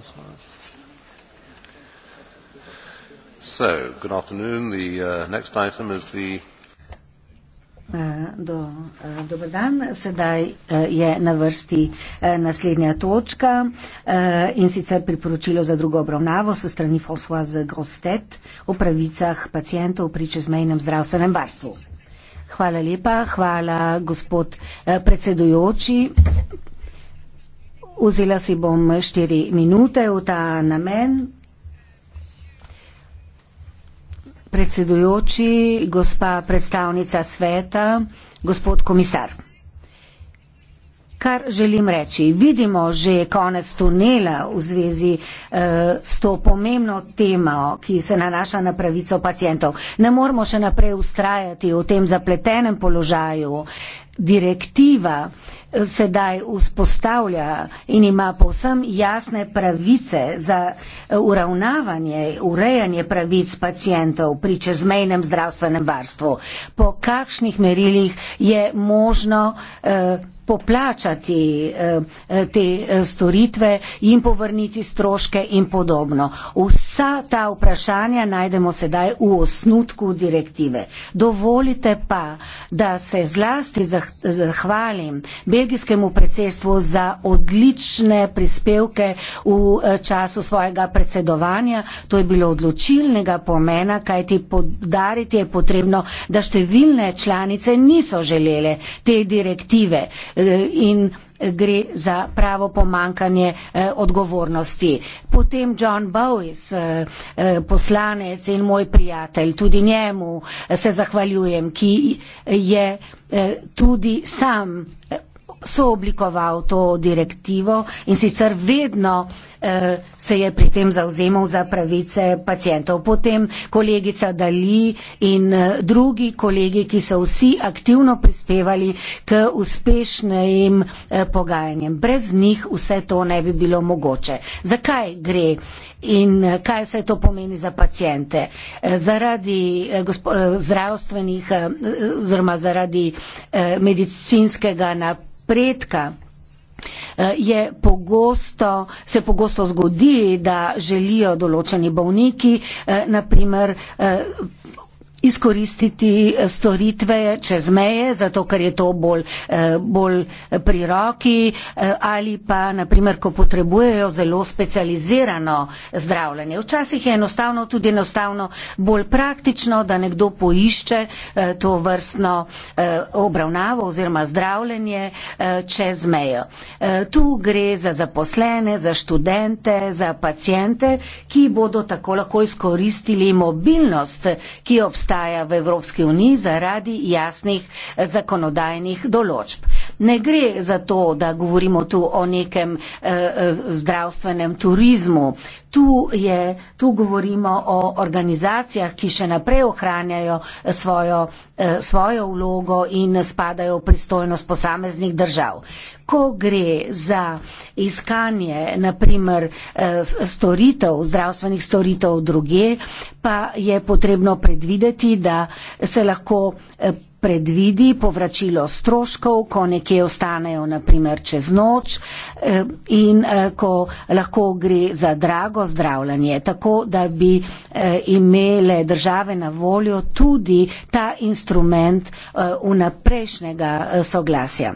as far as... So, good afternoon. The uh, next item is the... Uh, do, uh, dober dan, sedaj uh, je na vrsti naslednja točka in sicer priporočilo za drugo obravnavo so strani Fosfaz Grostet o pravicah pacijentov pri čezmejnem zdravstvenem varstvu. Hvala lepa, hvala gospod predsedujoči. Vzela si bom štiri minute v ta namen. Predsedujoči, gospa predstavnica sveta, gospod komisar. Kar želim reči, vidimo že konec tunela v zvezi eh, s to pomembno temo, ki se nanaša na pravico pacijentov. Ne moramo še naprej ustrajati v tem zapletenem položaju. Direktiva eh, sedaj vzpostavlja in ima povsem jasne pravice za eh, uravnavanje, urejanje pravic pacijentov pri čezmejnem zdravstvenem varstvu, po kakšnih merilih je možno eh, poplačati eh, eh, te eh, storitve, jim povrniti stroške in podobno. Vsa ta vprašanja najdemo sedaj v osnutku direktive. Dovolite pa, da se zlasti zahvalim belgijskemu predsedstvu za odlične prispevke v času svojega predsedovanja. To je bilo odločilnega pomena, kaj ti podariti je potrebno, da številne članice niso želele te direktive. Eh, in gre za pravo pomankanje eh, odgovornosti. Potem John Bowis, eh, poslanec in moj prijatelj, tudi njemu se zahvaljujem, ki je tudi sam sooblikoval to direktivo in sicer vedno eh, se je pri tem zauzemal za pravice pacijentov. Potem kolegica Dali in eh, drugi kolegi, ki so vsi aktivno prispevali k uspešnim eh, pogajanjem. Brez njih vse to ne bi bilo mogoče. Zakaj gre in eh, kaj vse to pomeni za pacijente? Eh, zaradi eh, gospo, eh, zdravstvenih eh, oziroma zaradi eh, medicinskega napredka napredka. Eh, pogosto, se pogosto zgodi, da želijo določeni bolniki, eh, naprimer, eh, izkoristiti eh, storitve čez meje, zato ker je to bolj, eh, bolj eh, pri roki ali pa, naprimer, ko potrebujejo zelo specializirano zdravljenje. Včasih je enostavno, tudi enostavno, bolj praktično, da nekdo poišče to vrstno obravnavo oziroma zdravljenje čez mejo. Tu gre za zaposlene, za študente, za pacijente, ki bodo tako lahko izkoristili mobilnost, ki obstaja obstaja v Evropski uniji zaradi jasnih zakonodajnih določb ne gre za to, da govorimo tu o nekem eh, eh, zdravstvenem turizmu. Tu, je, tu govorimo o organizacijah, ki še naprej ohranjajo eh, svojo, eh, svojo vlogo in spadajo v pristojnost posameznih držav. Ko gre za iskanje, naprimer, eh, storitev, zdravstvenih storitev druge, pa je potrebno predvideti, da se lahko eh, predvidi povračilo stroškov, ko nekje ostanejo naprimer čez noč eh, in eh, ko lahko gre za drago zdravljanje, tako da bi eh, imele države na voljo tudi ta instrument vnaprejšnjega soglasja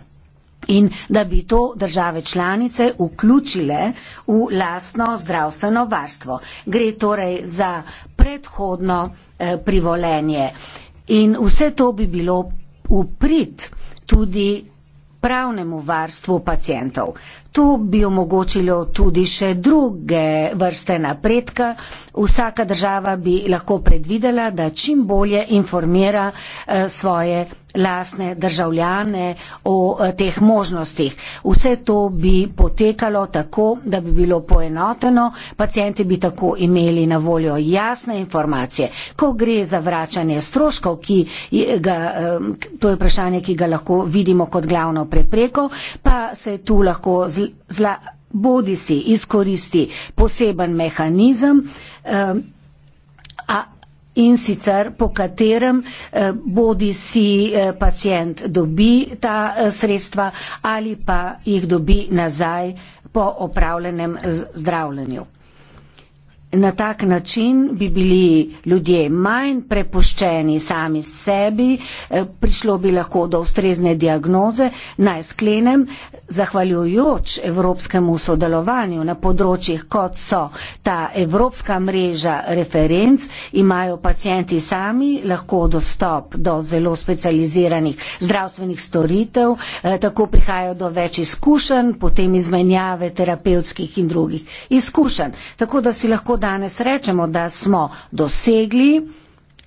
in da bi to države članice vključile v lastno zdravstveno varstvo. Gre torej za predhodno privolenje. In vse to bi bilo uprit tudi pravnemu varstvu pacijentov. To bi omogočilo tudi še druge vrste napredka. Vsaka država bi lahko predvidela, da čim bolje informira eh, svoje pacijente lastne državljane o eh, teh možnostih. Vse to bi potekalo tako, da bi bilo poenoteno, pacijenti bi tako imeli na voljo jasne informacije. Ko gre za vračanje stroškov, ga, eh, to je vprašanje, ki ga lahko vidimo kot glavno prepreko, pa se tu lahko zla, bodi si izkoristi poseben mehanizem. Eh, a in sicer po katerem eh, bodi si eh, pacijent dobi ta eh, sredstva ali pa jih dobi nazaj po opravljenem zdravljenju na tak način bi bili ljudje manj prepuščeni sami sebi, eh, prišlo bi lahko do ustrezne diagnoze. Naj sklenem, zahvaljujoč evropskemu sodelovanju na področjih, kot so ta evropska mreža referenc, imajo pacijenti sami lahko dostop do zelo specializiranih zdravstvenih storitev, eh, tako prihajajo do več izkušenj, potem izmenjave terapevtskih in drugih izkušenj. Tako da si lahko danes rečemo, da smo dosegli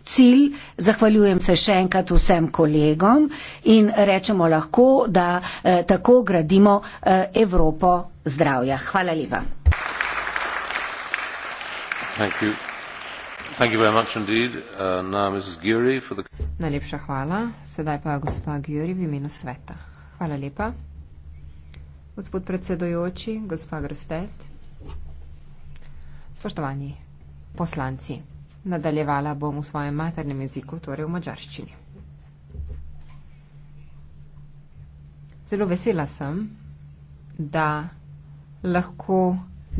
cilj. Zahvaljujem se še enkrat vsem kolegom in rečemo lahko, da eh, tako gradimo eh, Evropo zdravja. Hvala lepa. Uh, Najlepša hvala. Sedaj pa gospa Gjuri v imenu sveta. Hvala lepa. Gospod predsedojoči, gospa Grstet, Spoštovani poslanci, nadaljevala bom v svojem maternem jeziku, torej v mačarščini. Zelo vesela sem, da lahko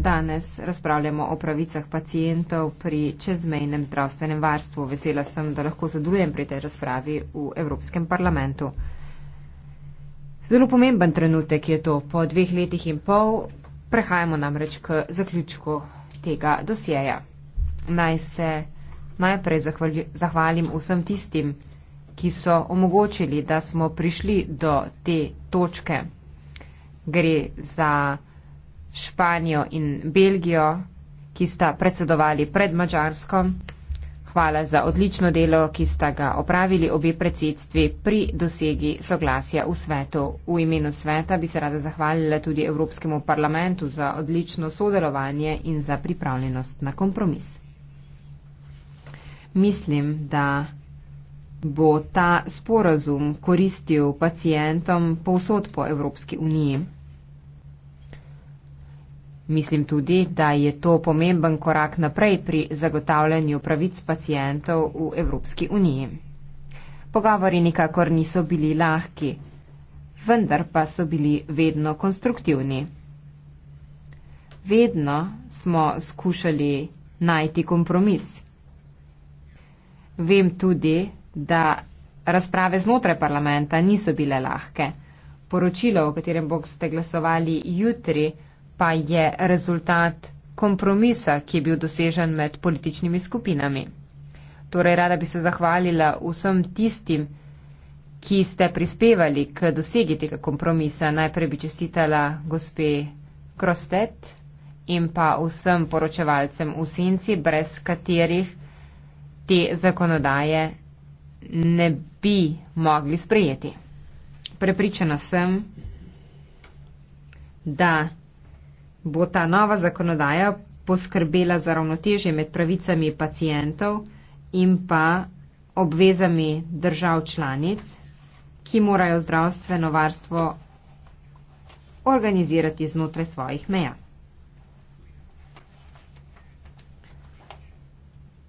danes razpravljamo o pravicah pacijentov pri čezmejnem zdravstvenem varstvu. Vesela sem, da lahko sodelujem pri tej razpravi v Evropskem parlamentu. Zelo pomemben trenutek je to. Po dveh letih in pol prehajamo namreč k zaključku tega dosjeja. Naj se najprej zahvalim vsem tistim, ki so omogočili, da smo prišli do te točke. Gre za Španijo in Belgijo, ki sta predsedovali pred Mačarsko hvala za odlično delo, ki sta ga opravili obe predsedstvi pri dosegi soglasja v svetu. V imenu sveta bi se rada zahvalila tudi Evropskemu parlamentu za odlično sodelovanje in za pripravljenost na kompromis. Mislim, da bo ta sporazum koristil pacijentom povsod po Evropski uniji. Mislim tudi, da je to pomemben korak naprej pri zagotavljanju pravic pacijentov v Evropski uniji. Pogovori nikakor niso bili lahki, vendar pa so bili vedno konstruktivni. Vedno smo skušali najti kompromis. Vem tudi, da razprave znotraj parlamenta niso bile lahke. Poročilo, o katerem boste glasovali jutri, pa je rezultat kompromisa, ki je bil dosežen med političnimi skupinami. Torej, rada bi se zahvalila vsem tistim, ki ste prispevali k dosegi tega kompromisa. Najprej bi čestitala gospe Krostet in pa vsem poročevalcem v senci, brez katerih te zakonodaje ne bi mogli sprejeti. Prepričana sem, da bo ta nova zakonodaja poskrbela za ravnotežje med pravicami pacijentov in pa obvezami držav članic, ki morajo zdravstveno varstvo organizirati znotraj svojih meja.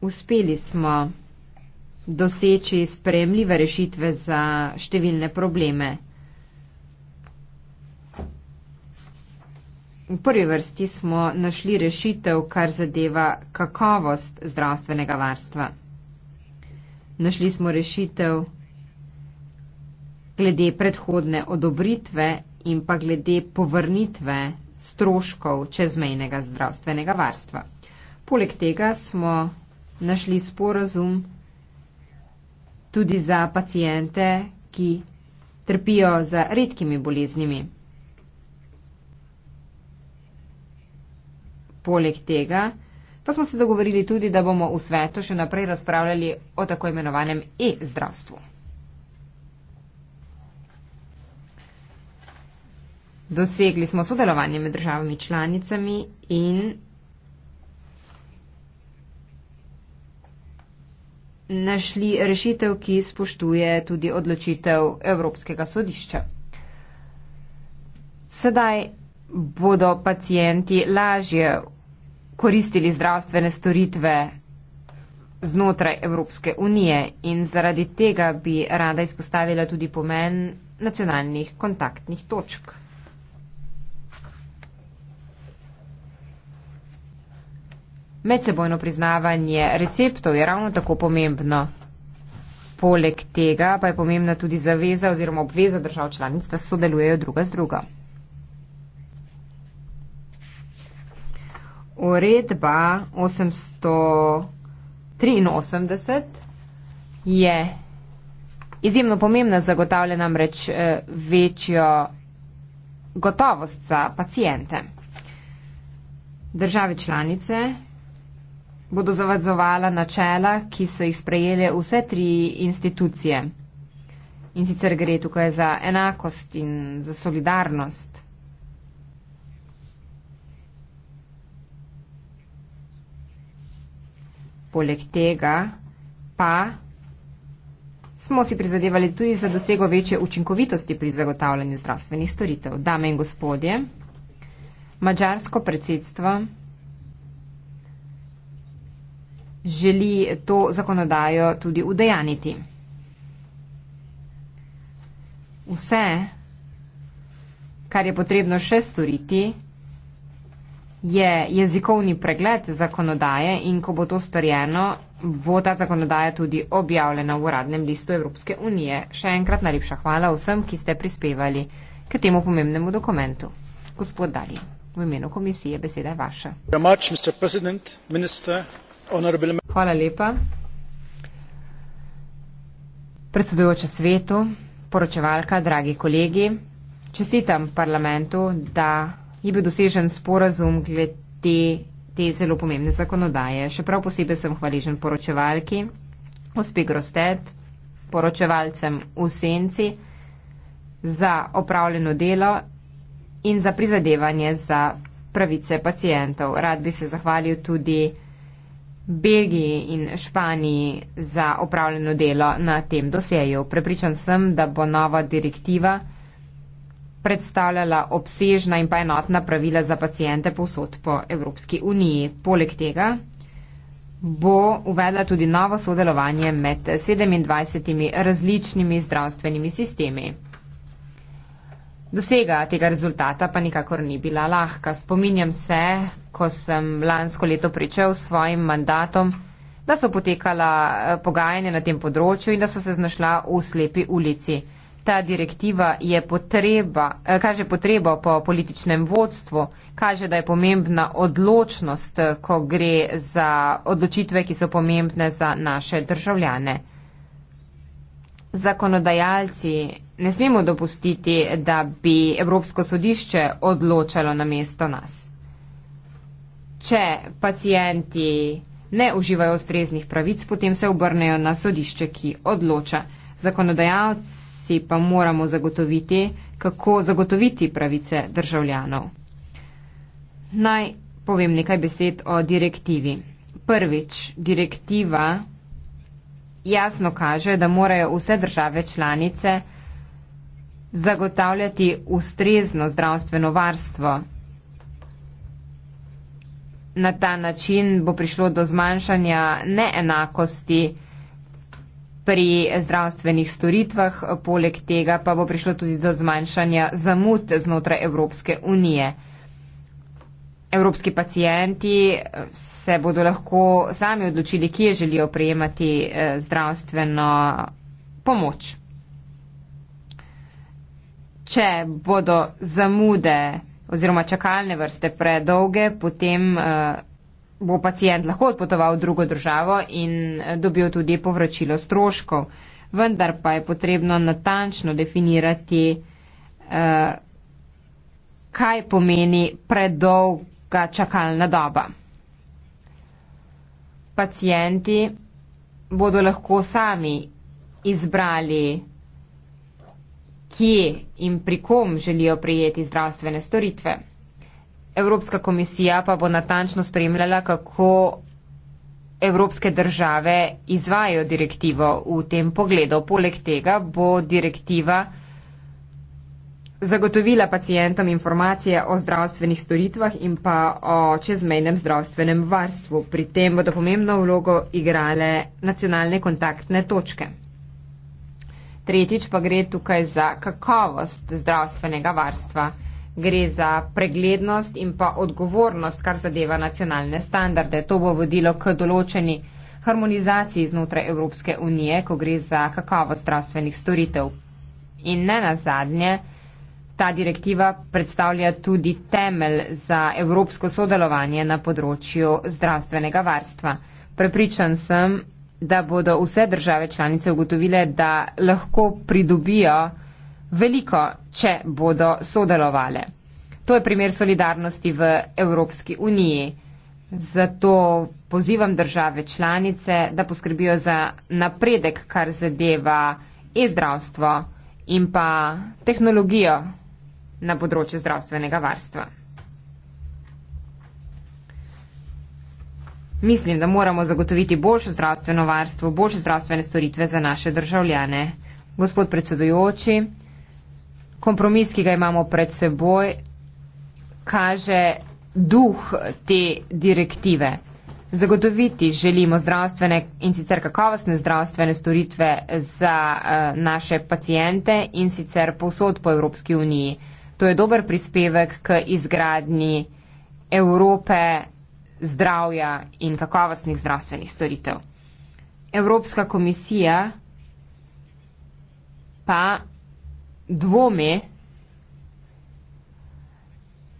Uspeli smo doseči spremljive rešitve za številne probleme. V prvi vrsti smo našli rešitev, kar zadeva kakovost zdravstvenega varstva. Našli smo rešitev glede predhodne odobritve in pa glede povrnitve stroškov čezmejnega zdravstvenega varstva. Poleg tega smo našli sporazum tudi za pacijente, ki trpijo za redkimi boleznimi. Poleg tega pa smo se dogovorili tudi, da bomo v svetu še naprej razpravljali o tako imenovanem e-zdravstvu. Dosegli smo sodelovanje med državami članicami in našli rešitev, ki spoštuje tudi odločitev Evropskega sodišča. Sedaj bodo pacijenti lažje koristili zdravstvene storitve znotraj Evropske unije in zaradi tega bi rada izpostavila tudi pomen nacionalnih kontaktnih točk. Medsebojno priznavanje receptov je ravno tako pomembno. Poleg tega pa je pomembna tudi zaveza oziroma obveza držav članic, da sodelujejo druga z drugo. uredba 883 je izjemno pomembna, zagotavlja namreč eh, večjo gotovost za pacijente. Države članice bodo zavadzovala načela, ki so jih sprejele vse tri institucije. In sicer gre tukaj za enakost in za solidarnost. Poleg tega pa smo si prizadevali tudi za dosego večje učinkovitosti pri zagotavljanju zdravstvenih storitev. Dame in gospodje, mađarsko predsedstvo želi to zakonodajo tudi udejaniti. Vse, kar je potrebno še storiti, je jezikovni pregled zakonodaje in ko bo to storjeno, bo ta zakonodaja tudi objavljena v uradnem listu Evropske unije. Še enkrat najlepša hvala vsem, ki ste prispevali k temu pomembnemu dokumentu. Gospod Dali, v imenu komisije beseda je vaša. Hvala lepa. Predsedujoča svetu, poročevalka, dragi kolegi, čestitam parlamentu, da je bil dosežen sporazum glede te zelo pomembne zakonodaje. Še prav posebej sem hvaležen poročevalki, ospe Grosted, poročevalcem v senci za opravljeno delo in za prizadevanje za pravice pacijentov. Rad bi se zahvalil tudi Belgiji in Španiji za opravljeno delo na tem dosjeju. Prepričan sem, da bo nova direktiva predstavljala obsežna in pa enotna pravila za pacijente povsod po Evropski uniji. Poleg tega bo uvedla tudi novo sodelovanje med 27 različnimi zdravstvenimi sistemi. Dosega tega rezultata pa nikakor ni bila lahka. Spominjam se, ko sem lansko leto pričel s svojim mandatom, da so potekala eh, pogajanja na tem področju in da so se znašla v slepi ulici ta direktiva je potreba, eh, kaže potrebo po političnem vodstvu, kaže, da je pomembna odločnost, eh, ko gre za odločitve, ki so pomembne za naše državljane. Zakonodajalci ne smemo dopustiti, da bi Evropsko sodišče odločalo na mesto nas. Če pacijenti ne uživajo ustreznih pravic, potem se obrnejo na sodišče, ki odloča. Zakonodajalci si pa moramo zagotoviti, kako zagotoviti pravice državljanov. Naj povem nekaj besed o direktivi. Prvič, direktiva jasno kaže, da morajo vse države članice zagotavljati ustrezno zdravstveno varstvo. Na ta način bo prišlo do zmanjšanja neenakosti pri zdravstvenih storitvah, poleg tega pa bo prišlo tudi do zmanjšanja zamud znotraj Evropske unije. Evropski pacijenti eh, se bodo lahko sami odločili, kje želijo prejemati eh, zdravstveno pomoč. Če bodo zamude oziroma čakalne vrste predolge, potem eh, bo pacijent lahko odpotoval v drugo državo in eh, dobil tudi povračilo stroškov. Vendar pa je potrebno natančno definirati, eh, kaj pomeni predolga čakalna doba. Pacijenti bodo lahko sami izbrali, kje in pri kom želijo prijeti zdravstvene storitve. Evropska komisija pa bo natančno spremljala, kako evropske države izvajo direktivo v tem pogledu. Poleg tega bo direktiva zagotovila pacijentom informacije o zdravstvenih storitvah in pa o čezmejnem zdravstvenem varstvu. Pri tem bodo pomembno vlogo igrale nacionalne kontaktne točke. Tretjič pa gre tukaj za kakovost zdravstvenega varstva gre za preglednost in pa odgovornost, kar zadeva nacionalne standarde. To bo vodilo k določeni harmonizaciji znotraj Evropske unije, ko gre za kakovost zdravstvenih storitev. In ne nazadnje, ta direktiva predstavlja tudi temelj za evropsko sodelovanje na področju zdravstvenega varstva. Prepričan sem, da bodo vse države članice ugotovile, da lahko pridobijo veliko, če bodo sodelovale. To je primer solidarnosti v Evropski uniji. Zato pozivam države članice, da poskrbijo za napredek, kar zadeva e-zdravstvo in pa tehnologijo na področju zdravstvenega varstva. Mislim, da moramo zagotoviti boljšo zdravstveno varstvo, boljše zdravstvene storitve za naše državljane. Gospod predsedujoči, kompromis, ki ga imamo pred seboj, kaže duh te direktive. Zagotoviti želimo zdravstvene in sicer kakovostne zdravstvene storitve za uh, naše pacijente in sicer povsod po Evropski uniji. To je dober prispevek k izgradni Evrope zdravja in kakovostnih zdravstvenih storitev. Evropska komisija pa dvomi,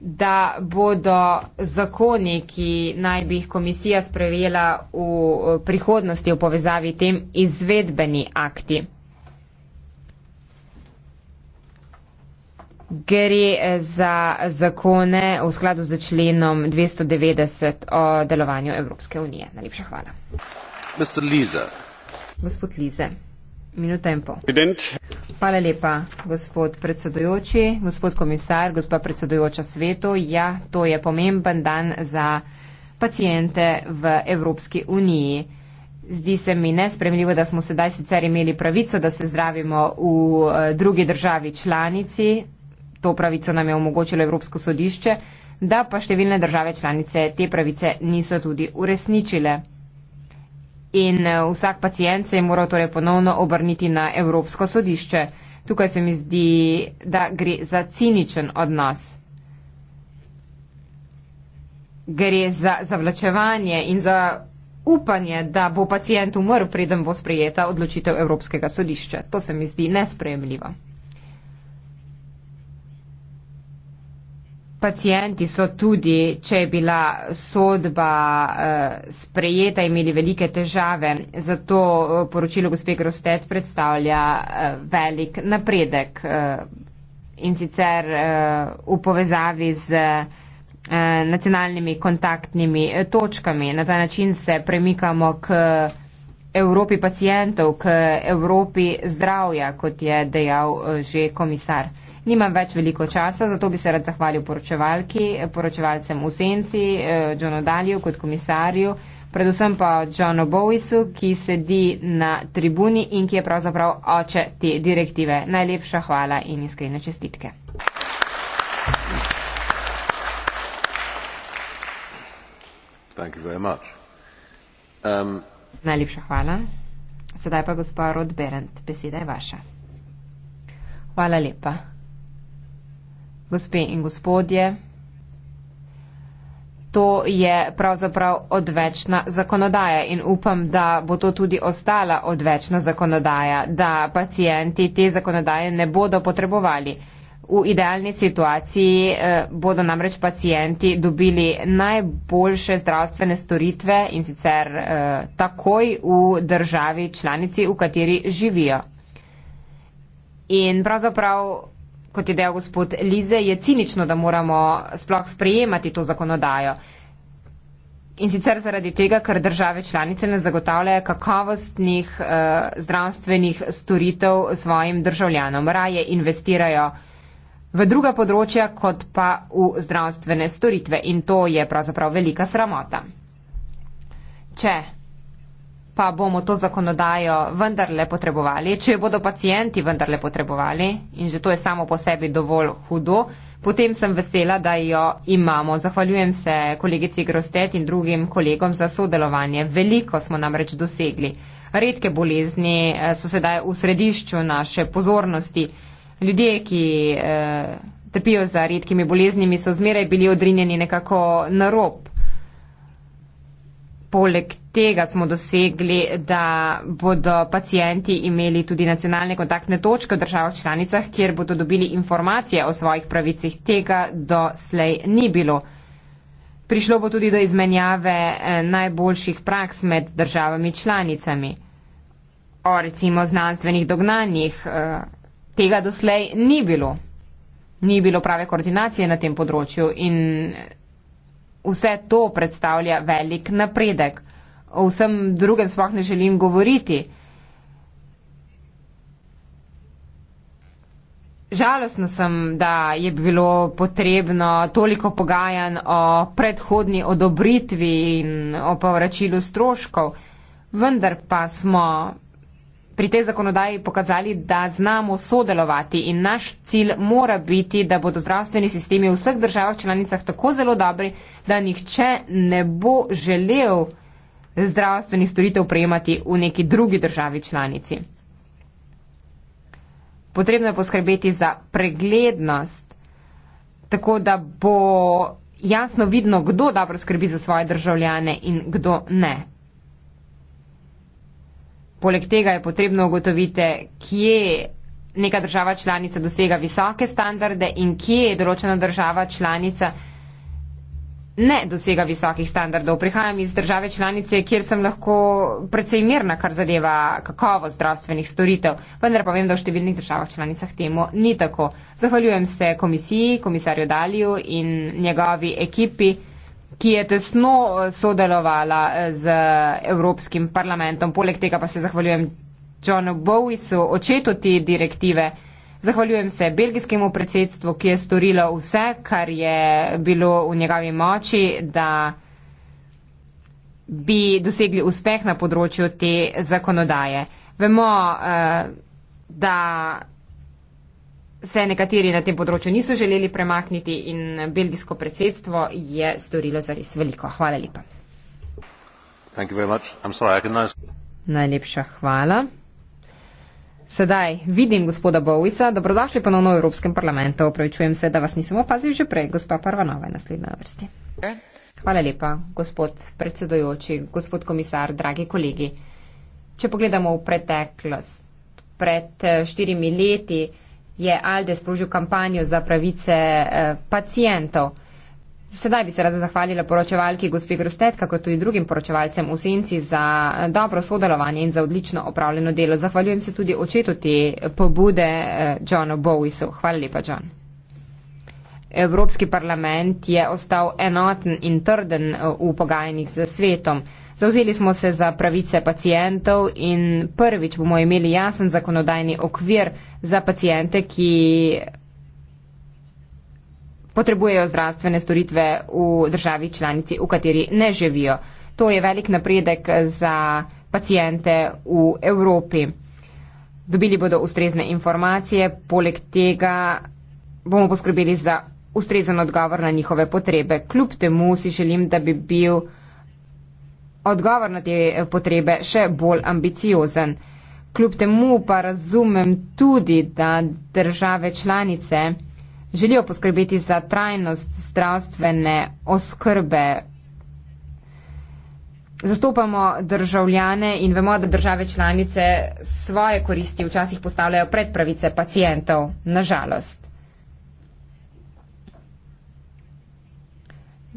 da bodo zakoni, ki naj bi jih komisija sprejela v prihodnosti v povezavi tem, izvedbeni akti. Gre za zakone v skladu z členom 290 o delovanju Evropske unije. Najlepša hvala. Gospod Lize. Minuta in pol. Hvala lepa, gospod predsedujoči, gospod komisar, gospa predsedujoča svetu. Ja, to je pomemben dan za pacijente v Evropski uniji. Zdi se mi nespremljivo, da smo sedaj sicer imeli pravico, da se zdravimo v eh, drugi državi članici, to pravico nam je omogočilo Evropsko sodišče, da pa številne države članice te pravice niso tudi uresničile in eh, vsak pacijent se je moral torej ponovno obrniti na Evropsko sodišče. Tukaj se mi zdi, da gre za ciničen odnos. Gre za zavlačevanje in za upanje, da bo pacijent umrl, preden bo sprejeta odločitev Evropskega sodišča. To se mi zdi nespremljivo. Pacijenti so tudi, če je bila sodba eh, sprejeta, imeli velike težave. Zato eh, poročilo gospe Grosted predstavlja eh, velik napredek eh, in sicer eh, v povezavi z eh, nacionalnimi kontaktnimi eh, točkami. Na ta način se premikamo k Evropi pacijentov, k Evropi zdravja, kot je dejal eh, že komisar. Nimam več veliko časa, zato bi se rad zahvalil poročevalki, poročevalcem v senci, eh, Johnu Dalju kot komisarju, predvsem pa Johnu Bowisu, ki sedi na tribuni in ki je pravzaprav oče te direktive. Najlepša hvala in iskrene čestitke. Thank you very much. Um, Najlepša hvala. Sedaj pa gospod Rod Berend, beseda je vaša. Hvala lepa gospe in gospodje. To je pravzaprav odvečna zakonodaja in upam, da bo to tudi ostala odvečna zakonodaja, da pacijenti te zakonodaje ne bodo potrebovali. V idealni situaciji eh, bodo namreč pacijenti dobili najboljše zdravstvene storitve in sicer eh, takoj v državi članici, v kateri živijo. In pravzaprav kot je dejal gospod Lize, je cinično, da moramo sploh sprejemati to zakonodajo. In sicer zaradi tega, ker države članice ne zagotavljajo kakovostnih eh, zdravstvenih storitev svojim državljanom. Raje investirajo v druga področja, kot pa v zdravstvene storitve. In to je pravzaprav velika sramota. Če pa bomo to zakonodajo vendarle potrebovali, če jo bodo pacijenti vendarle potrebovali in že to je samo po sebi dovolj hudo, potem sem vesela, da jo imamo. Zahvaljujem se kolegici Grostet in drugim kolegom za sodelovanje. Veliko smo namreč dosegli. Redke bolezni eh, so sedaj v središču naše pozornosti. Ljudje, ki eh, trpijo za redkimi boleznimi, so zmeraj bili odrinjeni nekako na rob poleg tega smo dosegli, da bodo pacijenti imeli tudi nacionalne kontaktne točke v državah članicah, kjer bodo dobili informacije o svojih pravicih. Tega do slej ni bilo. Prišlo bo tudi do izmenjave eh, najboljših praks med državami članicami. O recimo znanstvenih dognanjih. Eh, tega doslej ni bilo. Ni bilo prave koordinacije na tem področju in Vse to predstavlja velik napredek. O vsem drugem sploh ne želim govoriti. Žalostna sem, da je bilo potrebno toliko pogajanj o predhodni odobritvi in o povračilu stroškov, vendar pa smo pri tej zakonodaji pokazali, da znamo sodelovati in naš cilj mora biti, da bodo zdravstveni sistemi v vseh državah članicah tako zelo dobri, da nihče ne bo želel zdravstvenih storitev prejemati v neki drugi državi članici. Potrebno je poskrbeti za preglednost, tako da bo jasno vidno, kdo dobro skrbi za svoje državljane in kdo ne. Poleg tega je potrebno ugotoviti, kje neka država članica dosega visoke standarde in kje je določena država članica ne dosega visokih standardov. Prihajam iz države članice, kjer sem lahko precej mirna, kar zadeva kakovost zdravstvenih storitev, vendar pa vem, da v številnih državah članicah temu ni tako. Zahvaljujem se komisiji, komisarju Daliju in njegovi ekipi ki je tesno eh, sodelovala eh, z Evropskim parlamentom. Poleg tega pa se zahvaljujem Johnu Bowisu, očetu te direktive. Zahvaljujem se belgijskemu predsedstvu, ki je storilo vse, kar je bilo v njegovi moči, da bi dosegli uspeh na področju te zakonodaje. Vemo, eh, da se nekateri na tem področju niso želeli premakniti in belgijsko predsedstvo je storilo zares veliko. Hvala lepa. Sorry, Najlepša hvala. Sedaj vidim gospoda Bowisa. Dobrodošli ponovno v Evropskem parlamentu. Opravičujem se, da vas nisem opazil že prej. Gospa Parvanova je naslednja na vrsti. Hvala lepa, gospod predsedojoči, gospod komisar, dragi kolegi. Če pogledamo v preteklost, pred eh, štirimi leti, je Alde sprožil kampanjo za pravice eh, pacijentov. Sedaj bi se rada zahvalila poročevalki gospe Grostet, kako tudi drugim poročevalcem v Senci za eh, dobro sodelovanje in za odlično opravljeno delo. Zahvaljujem se tudi očetu te pobude eh, Johnu Bowisu. Hvala lepa, John. Evropski parlament je ostal enoten in trden eh, v pogajanjih z svetom. Zauzeli smo se za pravice pacijentov in prvič bomo imeli jasen zakonodajni okvir za pacijente, ki potrebujejo zdravstvene storitve v državi članici, v kateri ne živijo. To je velik napredek za pacijente v Evropi. Dobili bodo ustrezne informacije, poleg tega bomo poskrbeli za ustrezen odgovor na njihove potrebe. Kljub temu si želim, da bi bil odgovor na te eh, potrebe še bolj ambiciozen. Kljub temu pa razumem tudi, da države članice želijo poskrbeti za trajnost zdravstvene oskrbe. Zastopamo državljane in vemo, da države članice svoje koristi včasih postavljajo pred pravice pacijentov, nažalost.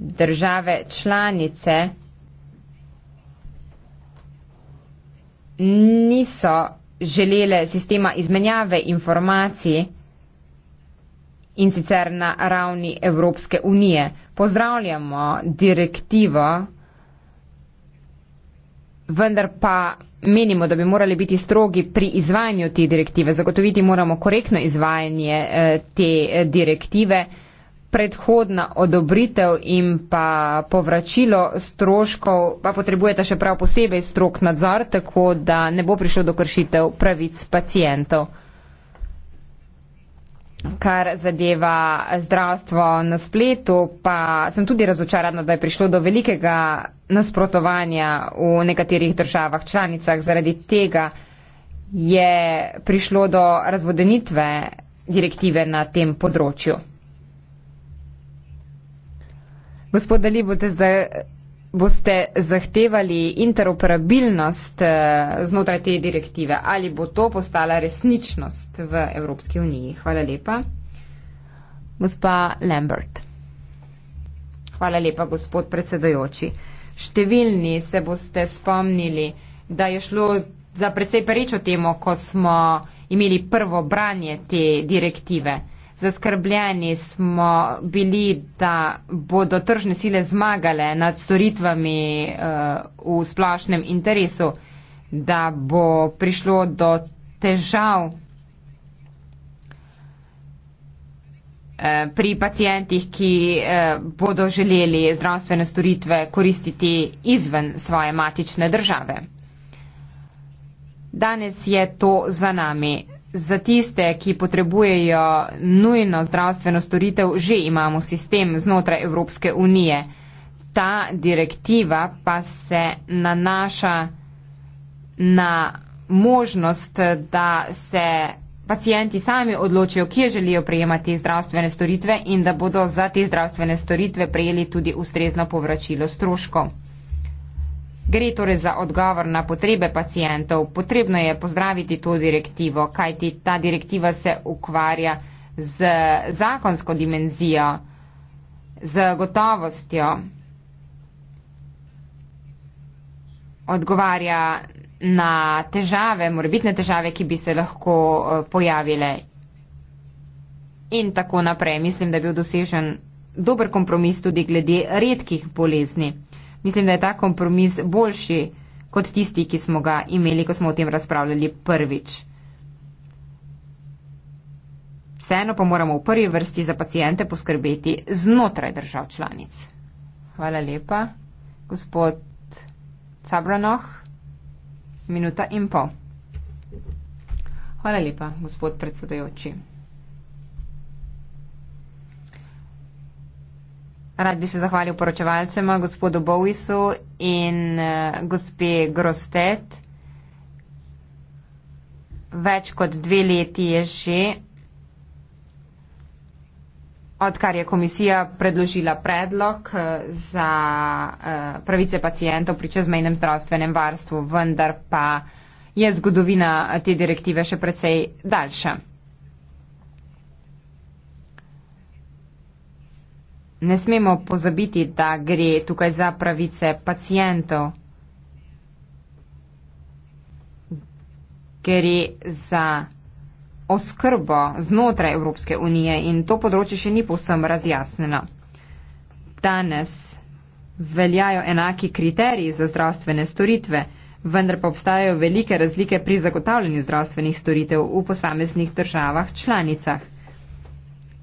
države članice niso želele sistema izmenjave informacij in sicer na ravni Evropske unije. Pozdravljamo direktivo, vendar pa menimo, da bi morali biti strogi pri izvajanju te direktive. Zagotoviti moramo korektno izvajanje eh, te eh, direktive predhodna odobritev in pa povračilo stroškov, pa potrebujete še prav posebej strok nadzor, tako da ne bo prišlo do kršitev pravic pacijentov. Kar zadeva zdravstvo na spletu, pa sem tudi razočarana, da je prišlo do velikega nasprotovanja v nekaterih državah članicah. Zaradi tega je prišlo do razvodenitve direktive na tem področju. Gospod Ali, boste, za, boste zahtevali interoperabilnost eh, znotraj te direktive? Ali bo to postala resničnost v Evropski uniji? Hvala lepa. Gospa Lambert. Hvala lepa, gospod predsedojoči. Številni se boste spomnili, da je šlo za precej perečo temo, ko smo imeli prvo branje te direktive. Zaskrbljeni smo bili, da bodo tržne sile zmagale nad storitvami eh, v splošnem interesu, da bo prišlo do težav eh, pri pacijentih, ki eh, bodo želeli zdravstvene storitve koristiti izven svoje matične države. Danes je to za nami. Za tiste, ki potrebujejo nujno zdravstveno storitev, že imamo sistem znotraj Evropske unije. Ta direktiva pa se nanaša na možnost, da se pacijenti sami odločijo, kje želijo prejemati zdravstvene storitve in da bodo za te zdravstvene storitve prejeli tudi ustrezno povračilo stroškov. Gre torej za odgovor na potrebe pacijentov. Potrebno je pozdraviti to direktivo, kajti ta direktiva se ukvarja z zakonsko dimenzijo, z gotovostjo. Odgovarja na težave, morebitne težave, ki bi se lahko eh, pojavile. In tako naprej. Mislim, da je bil dosežen dober kompromis tudi glede redkih bolezni mislim, da je ta kompromis boljši kot tisti, ki smo ga imeli, ko smo o tem razpravljali prvič. Vseeno pa moramo v prvi vrsti za pacijente poskrbeti znotraj držav članic. Hvala lepa, gospod Cabranoh. Minuta in pol. Hvala lepa, gospod predsedojoči. Rad bi se zahvalil poročevalcema, gospodu Bowisu in uh, gospe Grostet. Več kot dve leti je že, odkar je komisija predložila predlog uh, za uh, pravice pacijentov pri čezmejnem zdravstvenem varstvu, vendar pa je zgodovina te direktive še precej daljša. Ne smemo pozabiti, da gre tukaj za pravice pacijentov. Gre za oskrbo znotraj Evropske unije in to področje še ni povsem razjasnjeno. Danes veljajo enaki kriteriji za zdravstvene storitve, vendar pa obstajajo velike razlike pri zagotavljanju zdravstvenih storitev v posameznih državah članicah.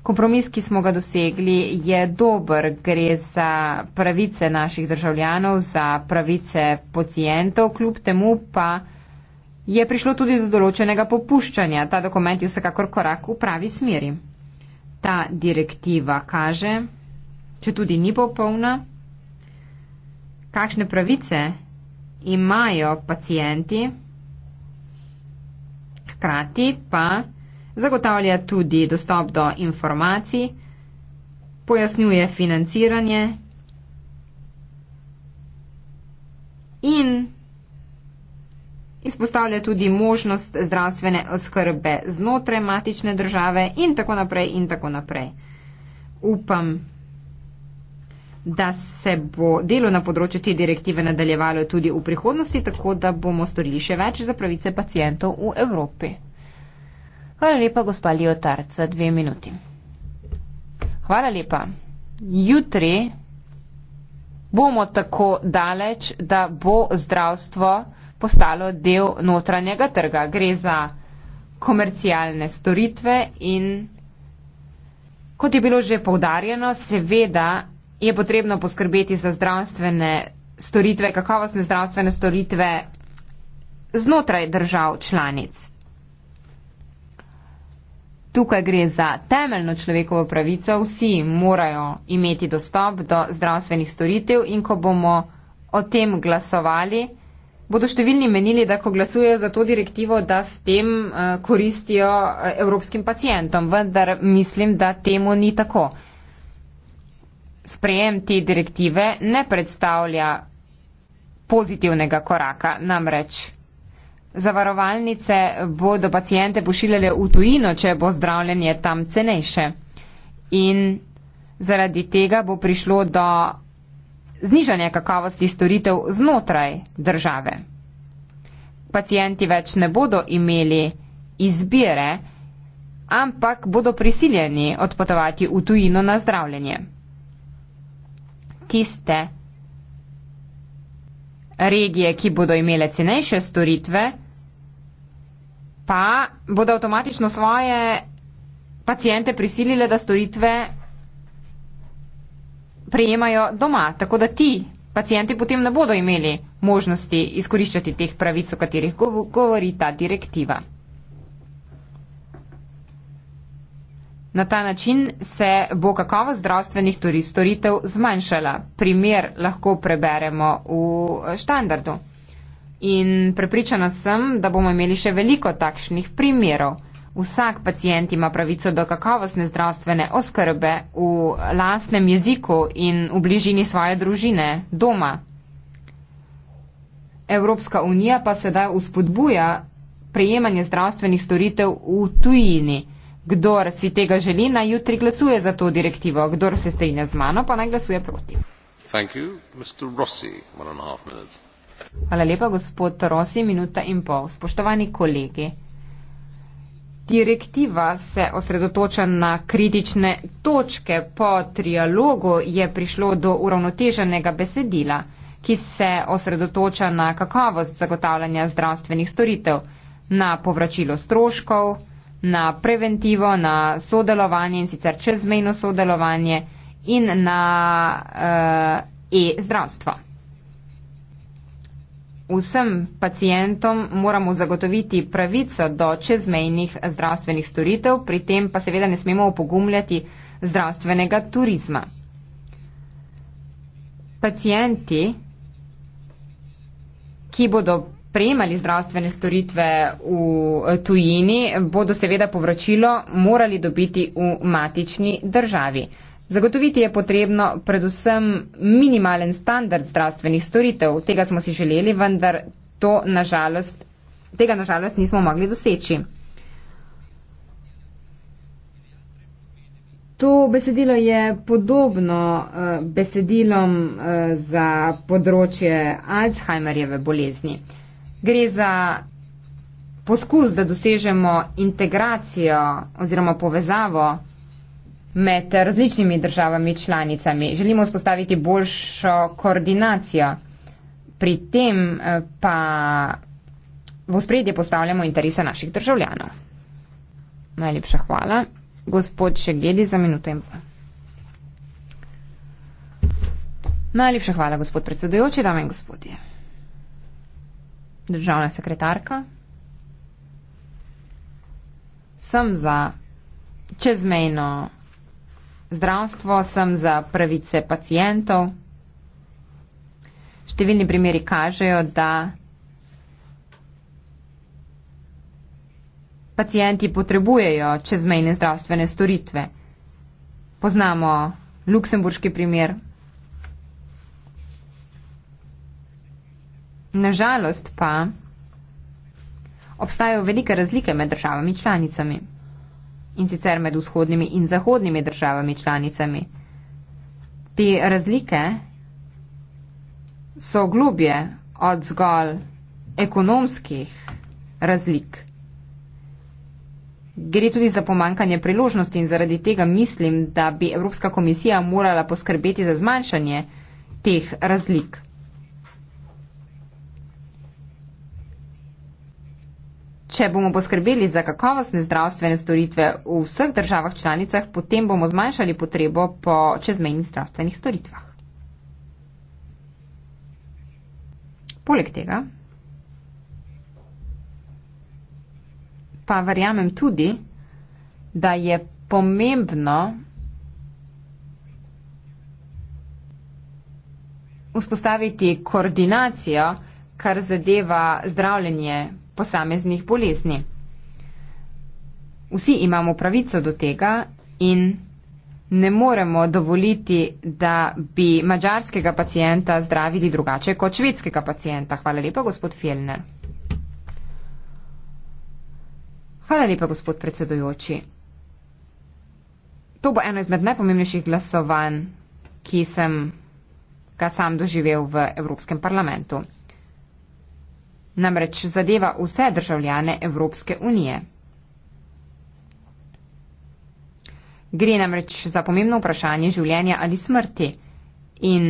Kompromis, ki smo ga dosegli, je dober. Gre za pravice naših državljanov, za pravice pacijentov, kljub temu pa je prišlo tudi do določenega popuščanja. Ta dokument je vsekakor korak v pravi smeri. Ta direktiva kaže, če tudi ni popolna, kakšne pravice imajo pacijenti, hkrati pa zagotavlja tudi dostop do informacij, pojasnjuje financiranje in izpostavlja tudi možnost zdravstvene oskrbe znotraj matične države in tako naprej in tako naprej. Upam, da se bo delo na področju te direktive nadaljevalo tudi v prihodnosti, tako da bomo storili še več za pravice pacijentov v Evropi. Hvala lepa, gospa Liotard, za dve minuti. Hvala lepa. Jutri bomo tako daleč, da bo zdravstvo postalo del notranjega trga. Gre za komercialne storitve in kot je bilo že povdarjeno, seveda je potrebno poskrbeti za zdravstvene storitve, kakovostne zdravstvene storitve znotraj držav članic. Tukaj gre za temeljno človekovo pravico, vsi morajo imeti dostop do zdravstvenih storitev in ko bomo o tem glasovali, bodo številni menili, da ko glasujejo za to direktivo, da s tem eh, koristijo eh, evropskim pacijentom, vendar mislim, da temu ni tako. Sprejem te direktive ne predstavlja pozitivnega koraka, namreč zavarovalnice bodo pacijente pošiljale v tujino, če bo zdravljenje tam cenejše. In zaradi tega bo prišlo do znižanja kakovosti storitev znotraj države. Pacijenti več ne bodo imeli izbire, ampak bodo prisiljeni odpotovati v tujino na zdravljenje. Tiste regije, ki bodo imele cenejše storitve, pa bodo avtomatično svoje pacijente prisilile, da storitve prejemajo doma. Tako da ti pacijenti potem ne bodo imeli možnosti izkoriščati teh pravic, o katerih govori ta direktiva. Na ta način se bo kakovost zdravstvenih turistov zmanjšala. Primer lahko preberemo v štandardu. In prepričana sem, da bomo imeli še veliko takšnih primerov. Vsak pacijent ima pravico do kakovostne zdravstvene oskrbe v lastnem jeziku in v bližini svoje družine, doma. Evropska unija pa sedaj uspodbuja prejemanje zdravstvenih storitev v tujini. Kdor si tega želi, naj jutri glasuje za to direktivo, kdor se strinja z mano, pa naj glasuje proti. Thank you, Mr. Rossi, one and a half minutes. Hvala lepa, gospod Rosi, minuta in pol. Spoštovani kolegi, direktiva se osredotoča na kritične točke. Po trialogu je prišlo do uravnoteženega besedila, ki se osredotoča na kakovost zagotavljanja zdravstvenih storitev, na povračilo stroškov, na preventivo, na sodelovanje in sicer čezmejno sodelovanje in na eh, e-zdravstvo. Eh, e vsem pacijentom moramo zagotoviti pravico do čezmejnih zdravstvenih storitev, pri tem pa seveda ne smemo upogumljati zdravstvenega turizma. Pacijenti, ki bodo prejemali zdravstvene storitve v eh, tujini, bodo seveda povračilo morali dobiti v matični državi. Zagotoviti je potrebno predvsem minimalen standard zdravstvenih storitev. Tega smo si želeli, vendar to nažalost, tega nažalost nismo mogli doseči. To besedilo je podobno uh, besedilom uh, za področje Alzheimerjeve bolezni. Gre za poskus, da dosežemo integracijo oziroma povezavo med različnimi državami članicami. Želimo spostaviti boljšo koordinacijo. Pri tem eh, pa v spredje postavljamo interese naših državljanov. Najlepša hvala. Gospod Šegedi za minuto in pol. Najlepša hvala, gospod predsedujoči, dame in gospodje. Državna sekretarka. Sem za čezmejno zdravstvo, sem za pravice pacijentov. Številni primeri kažejo, da pacijenti potrebujejo čezmejne zdravstvene storitve. Poznamo luksemburški primer. Nažalost pa obstajajo velike razlike med državami članicami in sicer med vzhodnimi in zahodnimi državami članicami. Te razlike so globje od zgolj ekonomskih razlik. Gre tudi za pomankanje priložnosti in zaradi tega mislim, da bi Evropska komisija morala poskrbeti za zmanjšanje teh razlik. Če bomo poskrbeli za kakovostne zdravstvene storitve v vseh državah članicah, potem bomo zmanjšali potrebo po čezmejnih zdravstvenih storitvah. Poleg tega pa verjamem tudi, da je pomembno vzpostaviti koordinacijo, kar zadeva zdravljenje posameznih bolezni. Vsi imamo pravico do tega in ne moremo dovoliti, da bi mađarskega pacijenta zdravili drugače kot švedskega pacijenta. Hvala lepa, gospod Fjellner. Hvala lepa, gospod predsedujoči. To bo eno izmed najpomembnejših glasovanj, ki sem ga sam doživel v Evropskem parlamentu namreč zadeva vse državljane Evropske unije. Gre namreč za pomembno vprašanje življenja ali smrti in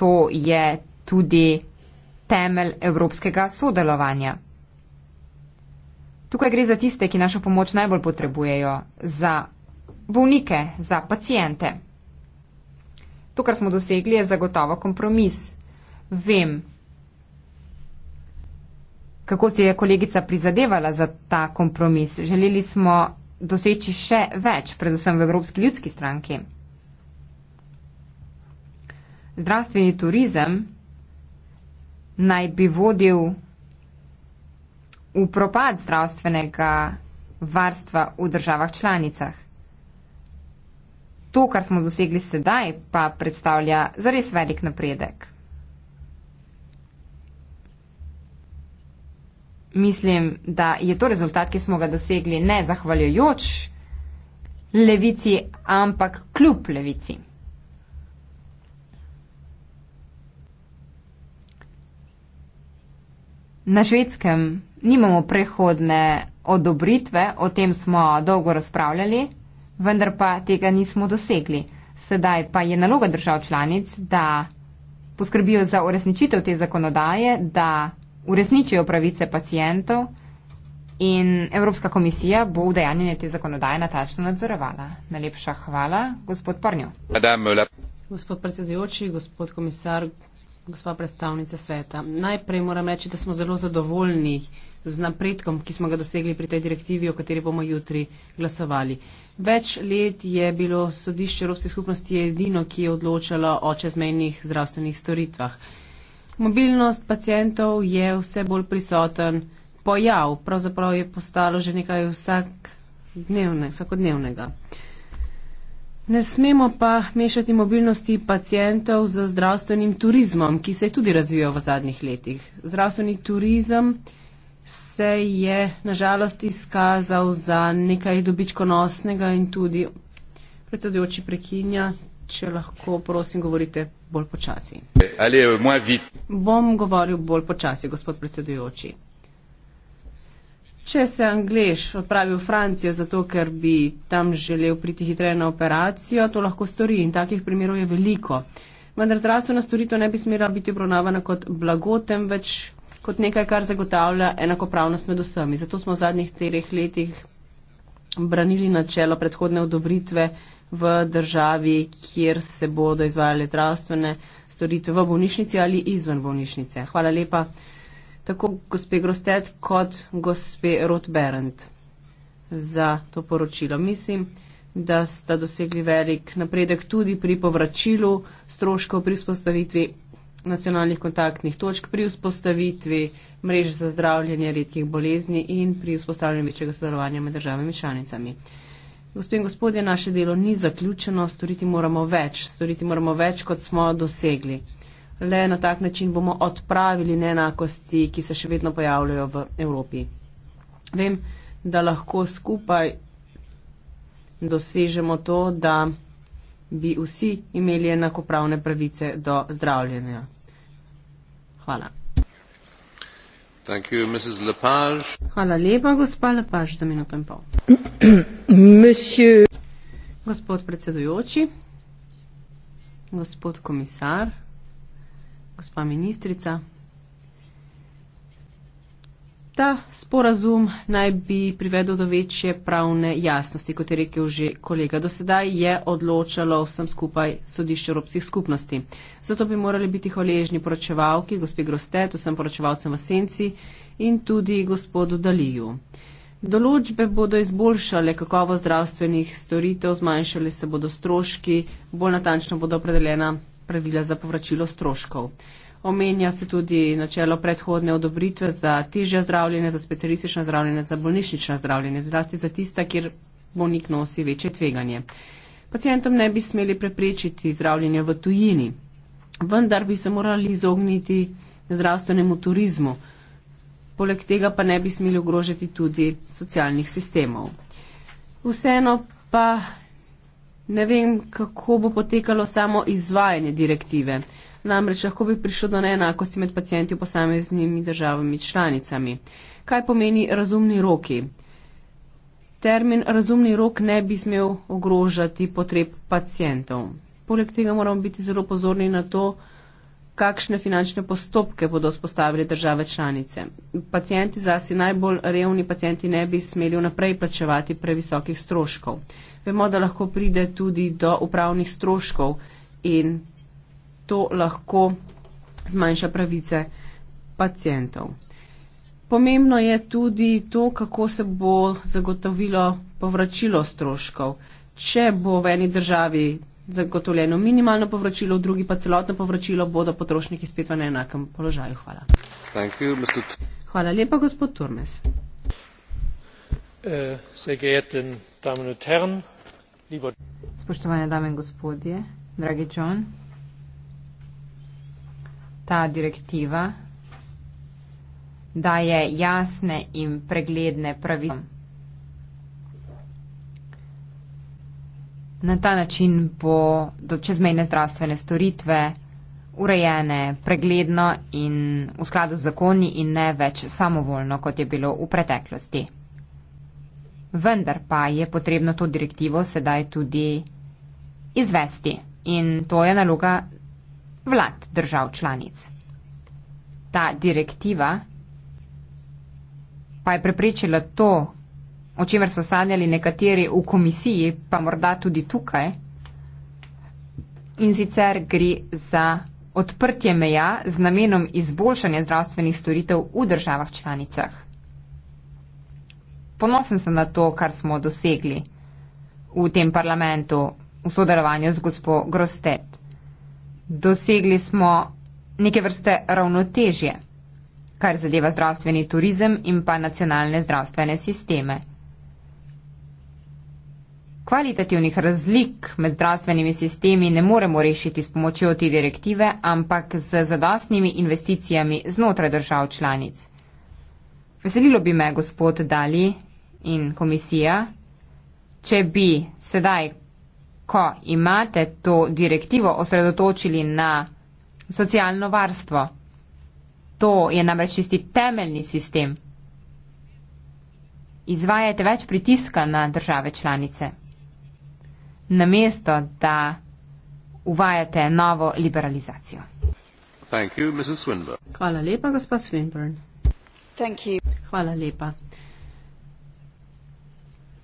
to je tudi temelj evropskega sodelovanja. Tukaj gre za tiste, ki našo pomoč najbolj potrebujejo, za bolnike, za pacijente. To, kar smo dosegli, je zagotovo kompromis. Vem, kako si je kolegica prizadevala za ta kompromis. Želeli smo doseči še več, predvsem v Evropski ljudski stranki. Zdravstveni turizem naj bi vodil v propad zdravstvenega varstva v državah članicah. To, kar smo dosegli sedaj, pa predstavlja zares velik napredek. mislim, da je to rezultat, ki smo ga dosegli ne zahvaljujoč levici, ampak kljub levici. Na švedskem nimamo prehodne odobritve, o tem smo dolgo razpravljali, vendar pa tega nismo dosegli. Sedaj pa je naloga držav članic, da poskrbijo za uresničitev te zakonodaje, da uresničijo pravice pacijentov in Evropska komisija bo udejanjenje te zakonodaje natačno nadzorovala. Najlepša hvala, gospod Parnjo. Gospod predsedujoči, gospod komisar, gospod predstavnica sveta. Najprej moram reči, da smo zelo zadovoljni z napredkom, ki smo ga dosegli pri tej direktivi, o kateri bomo jutri glasovali. Več let je bilo sodišče Evropske skupnosti edino, ki je odločalo o čezmejnih zdravstvenih storitvah mobilnost pacijentov je vse bolj prisoten pojav, pravzaprav je postalo že nekaj vsakodnevnega. Ne smemo pa mešati mobilnosti pacijentov z zdravstvenim turizmom, ki se je tudi razvijal v zadnjih letih. Zdravstveni turizem se je nažalost izkazal za nekaj dobičkonosnega in tudi predsedujoči prekinja, če lahko prosim govorite bolj počasi. Ali je moj vid? Bom govoril bolj počasi, gospod predsedujoči. Če se Anglež odpravi v Francijo zato, ker bi tam želel priti hitreje na operacijo, to lahko stori in takih primerov je veliko. Vendar zdravstvena storitev ne bi smela biti obravnavana kot blago, temveč kot nekaj, kar zagotavlja enakopravnost med vsemi. Zato smo v zadnjih treh letih branili načelo predhodne odobritve v državi, kjer se bodo izvajale zdravstvene storitve v bolnišnici ali izven bolnišnice. Hvala lepa. Tako gospe Grosted kot gospe Rotberend za to poročilo. Mislim, da sta dosegli velik napredek tudi pri povračilu stroškov pri vzpostavitvi nacionalnih kontaktnih točk, pri vzpostavitvi mreže za zdravljenje redkih bolezni in pri vzpostavljanju večjega sodelovanja med državami članicami. Gospod in gospodje, naše delo ni zaključeno, storiti moramo več, storiti moramo več, kot smo dosegli. Le na tak način bomo odpravili neenakosti, ki se še vedno pojavljajo v Evropi. Vem, da lahko skupaj dosežemo to, da bi vsi imeli enakopravne pravice do zdravljenja. Hvala. Hvala lepa, gospa Lepaž, za minuto in pol. gospod predsedujoči, gospod komisar, gospa ministrica, Ta sporazum naj bi privedel do večje pravne jasnosti, kot je rekel že kolega. Do sedaj je odločalo vsem skupaj sodišče Evropskih skupnosti. Zato bi morali biti hvaležni poročevalki, gospe Grostet, vsem poročevalcem v Senci in tudi gospodu Daliju. Določbe bodo izboljšale kakovo zdravstvenih storitev, zmanjšali se bodo stroški, bolj natančno bodo opredeljena pravila za povračilo stroškov. Omenja se tudi načelo predhodne odobritve za težje zdravljenje, za specialistično zdravljenje, za bolnišnično zdravljenje, zlasti za tista, kjer bolnik nosi večje tveganje. Pacijentom ne bi smeli preprečiti zdravljenje v tujini, vendar bi se morali izogniti zdravstvenemu turizmu. Poleg tega pa ne bi smeli ogrožiti tudi socialnih sistemov. Vseeno pa ne vem, kako bo potekalo samo izvajanje direktive namreč lahko bi prišlo do neenakosti med pacijenti v posameznimi državami članicami. Kaj pomeni razumni roki? Termin razumni rok ne bi smel ogrožati potreb pacijentov. Poleg tega moramo biti zelo pozorni na to, kakšne finančne postopke bodo spostavili države članice. Pacijenti, zasi najbolj revni pacijenti, ne bi smeli vnaprej plačevati previsokih stroškov. Vemo, da lahko pride tudi do upravnih stroškov in to lahko zmanjša pravice pacijentov. Pomembno je tudi to, kako se bo zagotovilo povračilo stroškov. Če bo v eni državi zagotovljeno minimalno povračilo, v drugi pa celotno povračilo, bodo potrošniki spet v neenakem položaju. Hvala. You, Hvala lepa, gospod Turmes. Eh, Spoštovane dame in gospodje, dragi John ta direktiva daje jasne in pregledne pravila. Na ta način bo do čezmejne zdravstvene storitve urejene pregledno in v skladu z zakoni in ne več samovoljno, kot je bilo v preteklosti. Vendar pa je potrebno to direktivo sedaj tudi izvesti in to je naloga vlad držav članic. Ta direktiva pa je preprečila to, o čemer so sanjali nekateri v komisiji, pa morda tudi tukaj. In sicer gre za odprtje meja z namenom izboljšanja zdravstvenih storitev v državah članicah. Ponosen sem na to, kar smo dosegli v tem parlamentu v sodelovanju z gospod Grostet dosegli smo neke vrste ravnotežje, kar zadeva zdravstveni turizem in pa nacionalne zdravstvene sisteme. Kvalitativnih razlik med zdravstvenimi sistemi ne moremo rešiti s pomočjo te direktive, ampak z zadostnimi investicijami znotraj držav članic. Veselilo bi me, gospod Dali in komisija, če bi sedaj, ko imate to direktivo osredotočili na socialno varstvo. To je namreč tisti temeljni sistem. Izvajate več pritiska na države članice. Namesto, da uvajate novo liberalizacijo. You, Hvala lepa, gospa Swinburne. Hvala lepa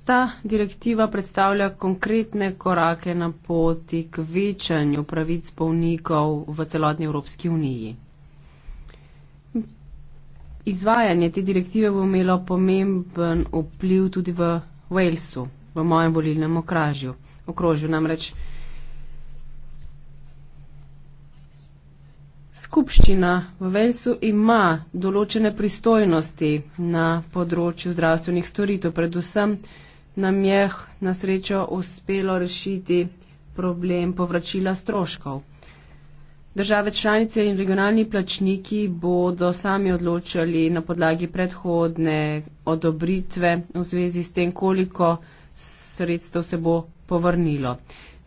ta direktiva predstavlja konkretne korake na poti k večanju pravic bolnikov v celotni Evropski uniji. Izvajanje te direktive bo imelo pomemben vpliv tudi v Walesu, v mojem volilnem okražju. okrožju. Namreč skupščina v Walesu ima določene pristojnosti na področju zdravstvenih storitev, predvsem nam je na srečo uspelo rešiti problem povračila stroškov. Države članice in regionalni plačniki bodo sami odločali na podlagi predhodne odobritve v zvezi s tem, koliko sredstev se bo povrnilo.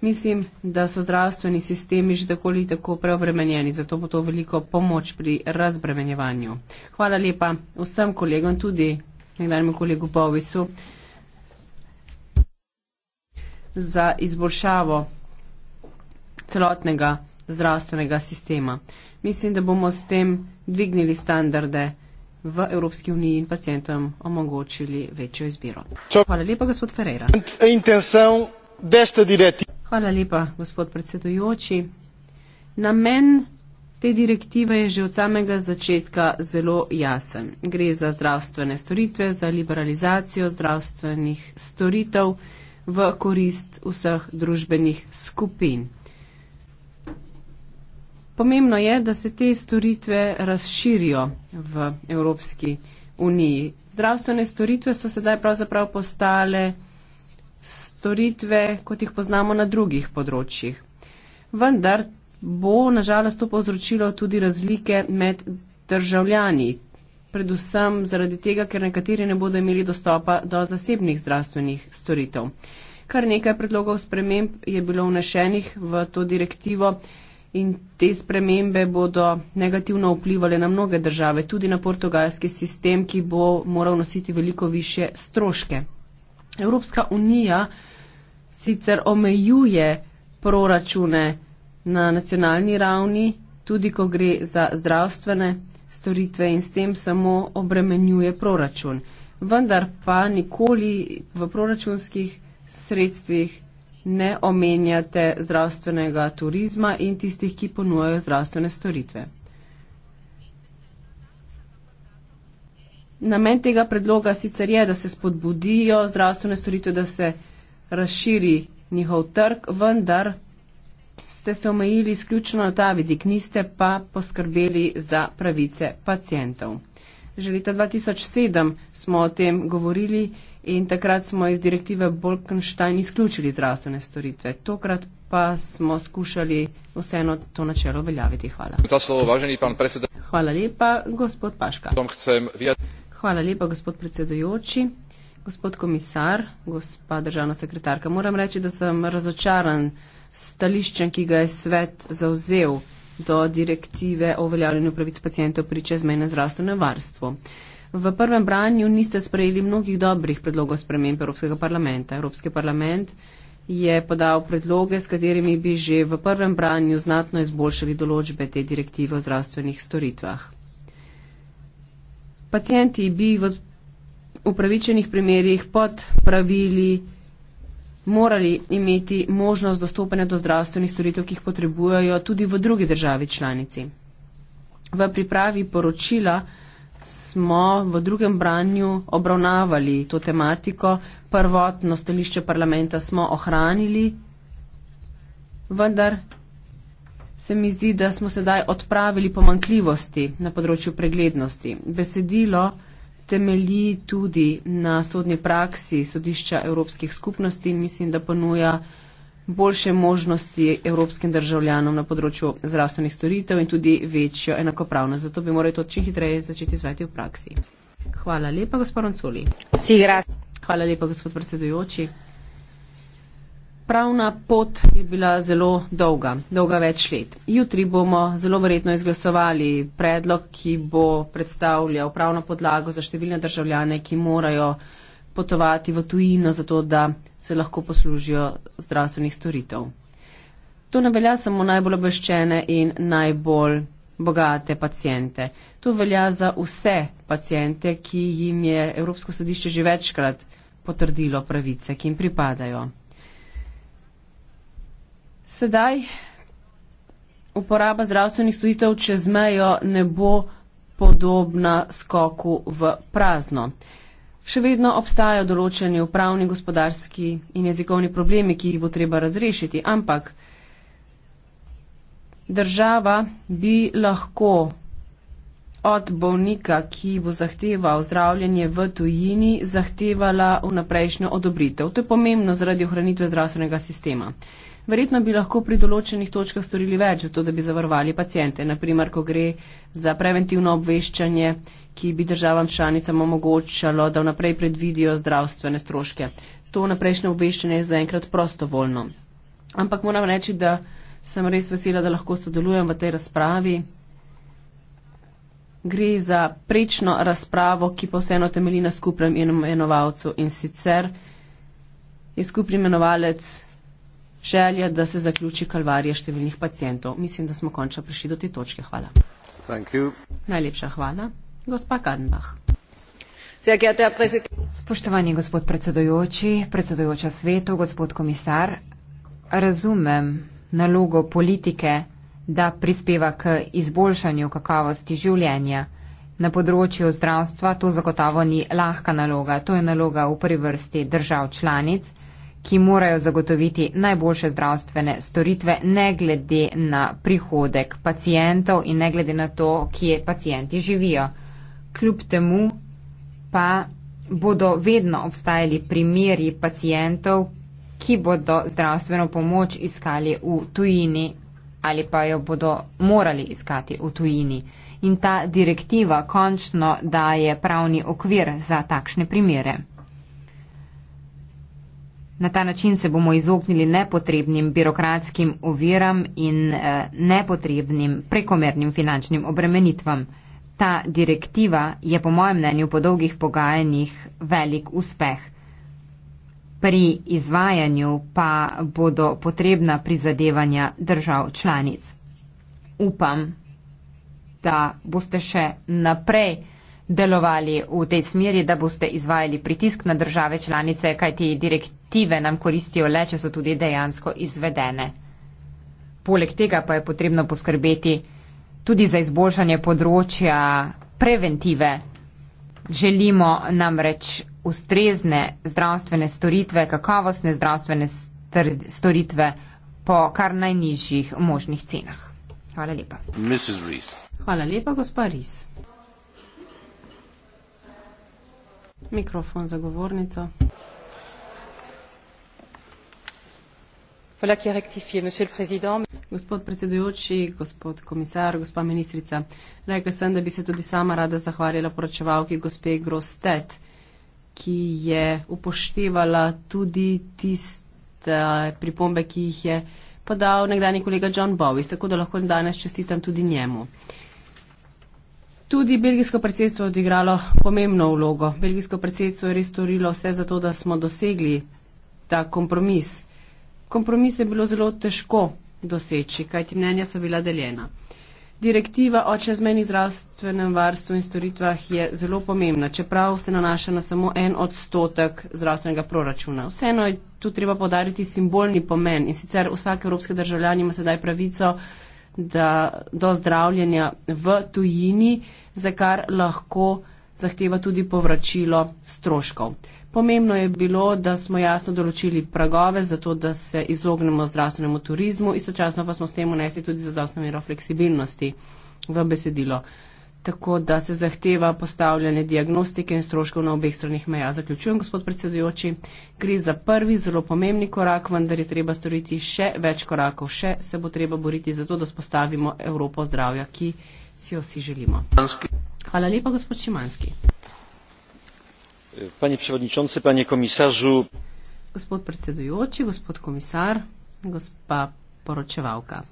Mislim, da so zdravstveni sistemi že tako ali tako preobremenjeni, zato bo to veliko pomoč pri razbremenjevanju. Hvala lepa vsem kolegom, tudi nekdanjemu kolegu Povisu za izboljšavo celotnega zdravstvenega sistema. Mislim, da bomo s tem dvignili standarde v Evropski uniji in pacijentom omogočili večjo izbiro. Hvala lepa, gospod Ferreira. Hvala lepa, gospod predsedujoči. Namen te direktive je že od samega začetka zelo jasen. Gre za zdravstvene storitve, za liberalizacijo zdravstvenih storitev v korist vseh družbenih skupin. Pomembno je, da se te storitve razširijo v Evropski uniji. Zdravstvene storitve so sedaj pravzaprav postale storitve, kot jih poznamo na drugih področjih. Vendar bo nažalost to povzročilo tudi razlike med državljani, predvsem zaradi tega, ker nekateri ne bodo imeli dostopa do zasebnih zdravstvenih storitev. Kar nekaj predlogov sprememb je bilo vnešenih v to direktivo in te spremembe bodo negativno vplivali na mnoge države, tudi na portugalski sistem, ki bo moral nositi veliko više stroške. Evropska unija sicer omejuje proračune na nacionalni ravni, tudi ko gre za zdravstvene storitve in s tem samo obremenjuje proračun. Vendar pa nikoli v proračunskih sredstvih ne omenjate zdravstvenega turizma in tistih, ki ponujajo zdravstvene storitve. Namen tega predloga sicer je, da se spodbudijo zdravstvene storitve, da se razširi njihov trg, vendar ste se omejili izključno na ta vidik, niste pa poskrbeli za pravice pacijentov. Že leta 2007 smo o tem govorili. In takrat smo iz direktive Bolkenstein izključili zdravstvene storitve. Tokrat pa smo skušali vseeno to načelo veljaviti. Hvala. Hvala lepa, gospod Paška. Hvala lepa, gospod predsedujoči, gospod komisar, gospa državna sekretarka. Moram reči, da sem razočaran stališčem, ki ga je svet zauzel do direktive o uveljavljanju pravic pacijentov pri čezmejnem zdravstvenem varstvu. V prvem branju niste sprejeli mnogih dobrih predlogov sprememb Evropskega parlamenta. Evropski parlament je podal predloge, s katerimi bi že v prvem branju znatno izboljšali določbe te direktive o zdravstvenih storitvah. Pacijenti bi v upravičenih primerjih pod pravili morali imeti možnost dostopanja do zdravstvenih storitev, ki jih potrebujejo tudi v drugi državi članici. V pripravi poročila smo v drugem branju obravnavali to tematiko, prvotno stališče parlamenta smo ohranili, vendar se mi zdi, da smo sedaj odpravili pomankljivosti na področju preglednosti. Besedilo temelji tudi na sodni praksi sodišča Evropskih skupnosti in mislim, da ponuja boljše možnosti evropskim državljanom na področju zdravstvenih storitev in tudi večjo enakopravnost. Zato bi morali to čim hitreje začeti izvajati v praksi. Hvala lepa, gospod Ronculi. Hvala lepa, gospod predsedujoči. Pravna pot je bila zelo dolga, dolga več let. Jutri bomo zelo verjetno izglasovali predlog, ki bo predstavljal pravno podlago za številne državljane, ki morajo potovati v tujino, zato da se lahko poslužijo zdravstvenih storitev. To ne velja samo najbolj obveščene in najbolj bogate pacijente. To velja za vse pacijente, ki jim je Evropsko sodišče že večkrat potrdilo pravice, ki jim pripadajo. Sedaj uporaba zdravstvenih storitev čez mejo ne bo podobna skoku v prazno. Še vedno obstajajo določeni upravni, gospodarski in jezikovni problemi, ki jih bo treba razrešiti, ampak država bi lahko od bolnika, ki bo zahteval zdravljenje v tujini, zahtevala vnaprejšnjo odobritev. To je pomembno zaradi ohranitve zdravstvenega sistema. Verjetno bi lahko pri določenih točkah storili več, zato da bi zavarovali pacijente, naprimer, ko gre za preventivno obveščanje, ki bi državam članicam omogočalo, da vnaprej predvidijo zdravstvene stroške. To naprejšnje obveščanje je zaenkrat prostovoljno. Ampak moram reči, da sem res vesela, da lahko sodelujem v tej razpravi. Gre za prečno razpravo, ki pa vseeno temelji na skupnem imenovalcu in sicer je skupni imenovalec želja, da se zaključi kalvarija številnih pacijentov. Mislim, da smo končno prišli do te točke. Hvala. Najlepša hvala. Spoštovani gospod predsedojoči, predsedojoča svetu, gospod komisar, razumem nalogo politike, da prispeva k izboljšanju kakovosti življenja. Na področju zdravstva to zagotovo ni lahka naloga, to je naloga v prvi vrsti držav članic, ki morajo zagotoviti najboljše zdravstvene storitve, ne glede na prihodek pacijentov in ne glede na to, kje pacijenti živijo kljub temu pa bodo vedno obstajali primeri pacijentov, ki bodo zdravstveno pomoč iskali v tujini ali pa jo bodo morali iskati v tujini. In ta direktiva končno daje pravni okvir za takšne primere. Na ta način se bomo izognili nepotrebnim birokratskim oviram in eh, nepotrebnim prekomernim finančnim obremenitvam ta direktiva je po mojem mnenju po dolgih pogajanjih velik uspeh. Pri izvajanju pa bodo potrebna prizadevanja držav članic. Upam, da boste še naprej delovali v tej smeri, da boste izvajali pritisk na države članice, kajti direktive nam koristijo le, če so tudi dejansko izvedene. Poleg tega pa je potrebno poskrbeti, tudi za izboljšanje področja preventive. Želimo namreč ustrezne zdravstvene storitve, kakovostne zdravstvene storitve po kar najnižjih možnih cenah. Hvala lepa. Hvala lepa, gospa Ries. Mikrofon za govornico. gospod predsedujoči, gospod komisar, gospa ministrica. Rekla sem, da bi se tudi sama rada zahvalila poročevalki gospe Grostet, ki je upoštevala tudi tiste pripombe, ki jih je podal nekdani kolega John Bowis, tako da lahko danes čestitam tudi njemu. Tudi belgijsko predsedstvo je odigralo pomembno vlogo. Belgijsko predsedstvo je res storilo vse za to, da smo dosegli ta kompromis kompromis je bilo zelo težko doseči, kajti mnenja so bila deljena. Direktiva o čezmenih zdravstvenem varstvu in storitvah je zelo pomembna, čeprav se nanaša na samo en odstotek zdravstvenega proračuna. Vseeno je tu treba podariti simbolni pomen in sicer vsak evropski državljan ima sedaj pravico da, do zdravljenja v tujini, za kar lahko zahteva tudi povračilo stroškov. Pomembno je bilo, da smo jasno določili pragove, zato da se izognemo zdravstvenemu turizmu, istočasno pa smo s tem unesli tudi zadostno mero fleksibilnosti v besedilo. Tako da se zahteva postavljanje diagnostike in stroškov na obeh stranih meja. Zaključujem, gospod predsedujoči, gre za prvi zelo pomembni korak, vendar je treba storiti še več korakov, še se bo treba boriti za to, da spostavimo Evropo zdravja, ki si jo vsi želimo. Hvala lepa, gospod Šimanski. Panie przewodniczący, panie komisarzu. Gospod predsedujoči, gospod komisar, gospa poročevalka.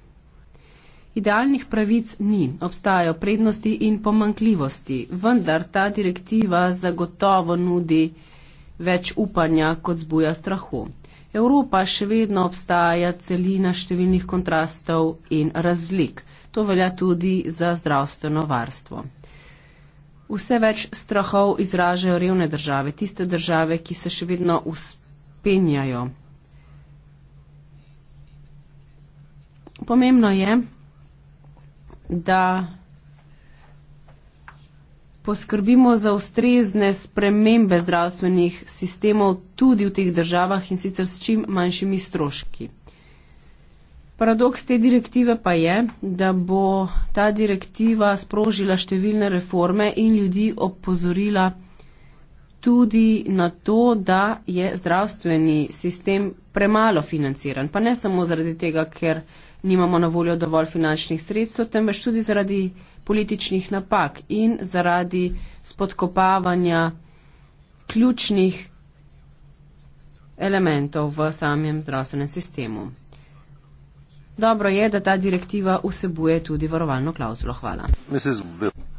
Idealnih pravic ni, obstajajo prednosti in pomankljivosti, vendar ta direktiva zagotovo nudi več upanja, kot zbuja strahu. Evropa še vedno obstaja celina številnih kontrastov in razlik. To velja tudi za zdravstveno varstvo. Vse več strahov izražajo revne države, tiste države, ki se še vedno uspenjajo. Pomembno je, da poskrbimo za ustrezne spremembe zdravstvenih sistemov tudi v teh državah in sicer s čim manjšimi stroški. Paradoks te direktive pa je, da bo ta direktiva sprožila številne reforme in ljudi opozorila tudi na to, da je zdravstveni sistem premalo financiran. Pa ne samo zaradi tega, ker nimamo na voljo dovolj finančnih sredstv, temveč tudi zaradi političnih napak in zaradi spodkopavanja ključnih elementov v samem zdravstvenem sistemu. Dobro je, da ta direktiva vsebuje tudi varovalno klauzulo. Hvala.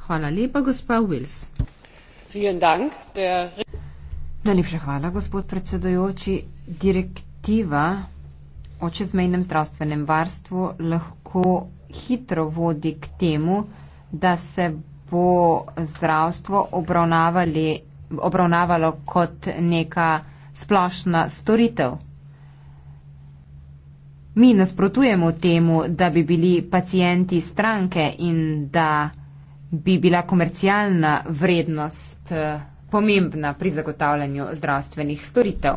Hvala lepa, gospa Wills. Najlepša hvala, gospod predsedojoči. Direktiva o čezmejnem zdravstvenem varstvu lahko hitro vodi k temu, da se bo zdravstvo obravnavalo kot neka splošna storitev Mi nasprotujemo temu, da bi bili pacijenti stranke in da bi bila komercialna vrednost eh, pomembna pri zagotavljanju zdravstvenih storitev.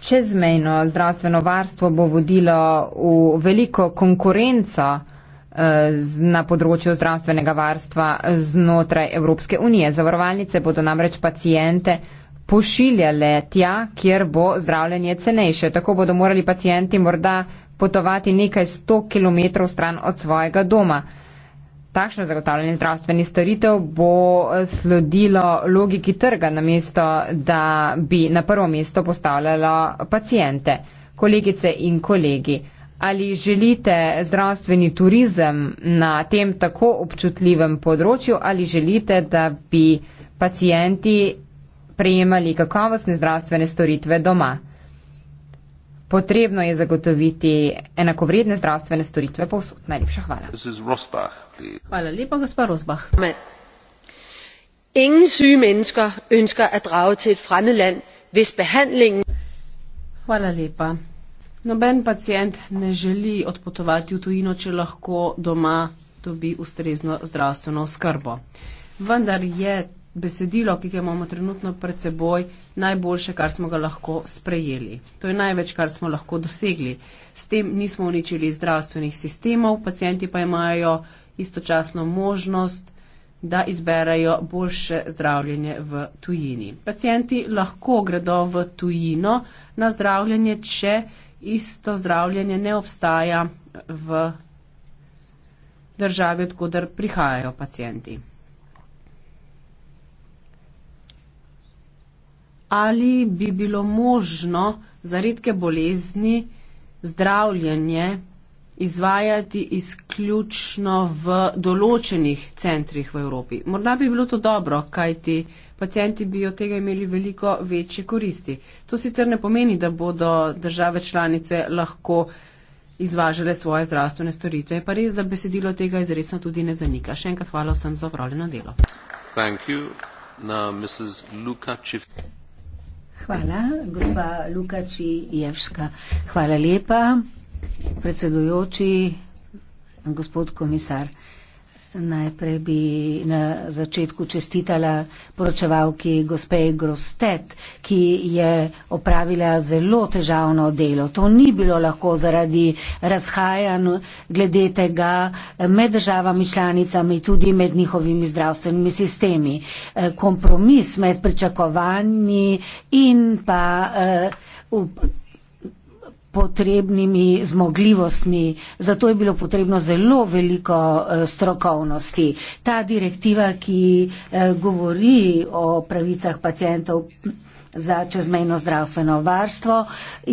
Čezmejno zdravstveno varstvo bo vodilo v veliko konkurenco eh, na področju zdravstvenega varstva znotraj Evropske unije. Zavarovalnice bodo namreč pacijente pošiljale tja, kjer bo zdravljenje cenejše. Tako bodo morali pacijenti morda potovati nekaj sto kilometrov stran od svojega doma. Takšno zagotavljanje zdravstvenih storitev bo sledilo logiki trga, namesto da bi na prvo mesto postavljalo pacijente. Kolegice in kolegi, ali želite zdravstveni turizem na tem tako občutljivem področju ali želite, da bi pacijenti prejemali kakovostne zdravstvene storitve doma. Potrebno je zagotoviti enakovredne zdravstvene storitve povsod. Najlepša hvala. Hvala lepa, gospa Rosbah. Ingen syge mennesker ønsker at drage til et fremmed land, hvis behandlingen. Hvala lepa. Noben pacijent ne želi odpotovati v tujino, če lahko doma dobi ustrezno zdravstveno skrbo. Vendar je besedilo, ki ga imamo trenutno pred seboj, najboljše, kar smo ga lahko sprejeli. To je največ, kar smo lahko dosegli. S tem nismo uničili zdravstvenih sistemov, pacijenti pa imajo istočasno možnost, da izberajo boljše zdravljenje v tujini. Pacijenti lahko gredo v tujino na zdravljenje, če isto zdravljenje ne obstaja v državi, odkudar prihajajo pacijenti. ali bi bilo možno za redke bolezni zdravljenje izvajati izključno v določenih centrih v Evropi. Morda bi bilo to dobro, kajti pacijenti bi od tega imeli veliko večje koristi. To sicer ne pomeni, da bodo države članice lahko izvažale svoje zdravstvene storitve. Je pa res, da besedilo tega izredno tudi ne zanika. Še enkrat hvala vsem za opravljeno delo. Thank you. Now, Mrs. Lukačev. Hvala, gospa Lukači Jevška. Hvala lepa, predsedujoči, gospod komisar. Najprej bi na začetku čestitala poročevalki gospe Grostet, ki je opravila zelo težavno delo. To ni bilo lahko zaradi razhajanj glede tega med državami članicami, tudi med njihovimi zdravstvenimi sistemi. E, kompromis med pričakovanji in pa. Uh, potrebnimi zmogljivostmi. Zato je bilo potrebno zelo veliko eh, strokovnosti. Ta direktiva, ki eh, govori o pravicah pacijentov za čezmejno zdravstveno varstvo,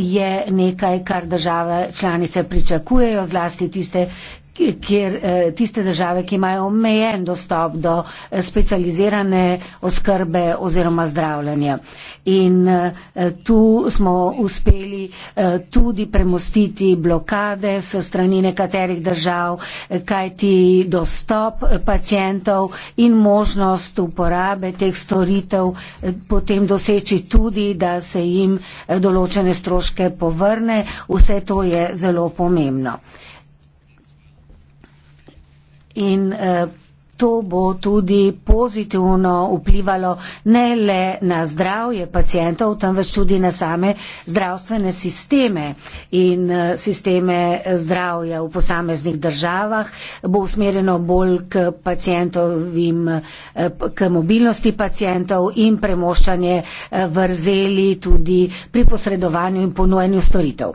je nekaj, kar države članice pričakujejo, zlasti tiste, kjer eh, tiste države, ki imajo omejen dostop do eh, specializirane oskrbe oziroma zdravljanja. In eh, tu smo uspeli tudi premostiti blokade s strani nekaterih držav, kajti dostop pacijentov in možnost uporabe teh storitev potem doseči tudi, da se jim določene stroške povrne, vse to je zelo pomembno. In uh, to bo tudi pozitivno vplivalo ne le na zdravje pacijentov, temveč tudi na same zdravstvene sisteme in uh, sisteme zdravja v posameznih državah. Bo usmerjeno bolj k, pacijentovim, eh, k mobilnosti pacijentov in premoščanje vrzeli tudi pri posredovanju in ponujanju storitev.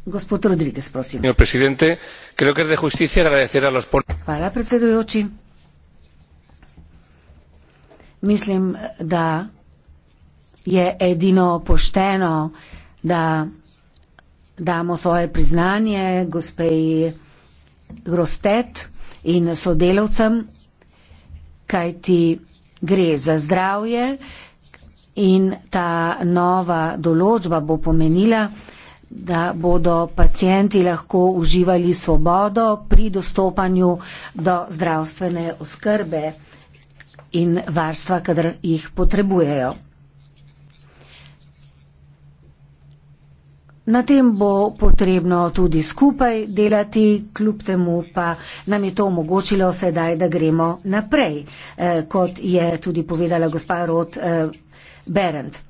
Señor presidente, creo que es de justicia agradecer a los Hvala, predsedujoči. Mislim, da je edino pošteno, da damo svoje priznanje gospej Grostet in sodelavcem, kaj ti gre za zdravje in ta nova določba bo pomenila, da da bodo pacijenti lahko uživali svobodo pri dostopanju do zdravstvene oskrbe in varstva, kadar jih potrebujejo. Na tem bo potrebno tudi skupaj delati, kljub temu pa nam je to omogočilo sedaj, da gremo naprej, eh, kot je tudi povedala gospa Rod eh, Berendt.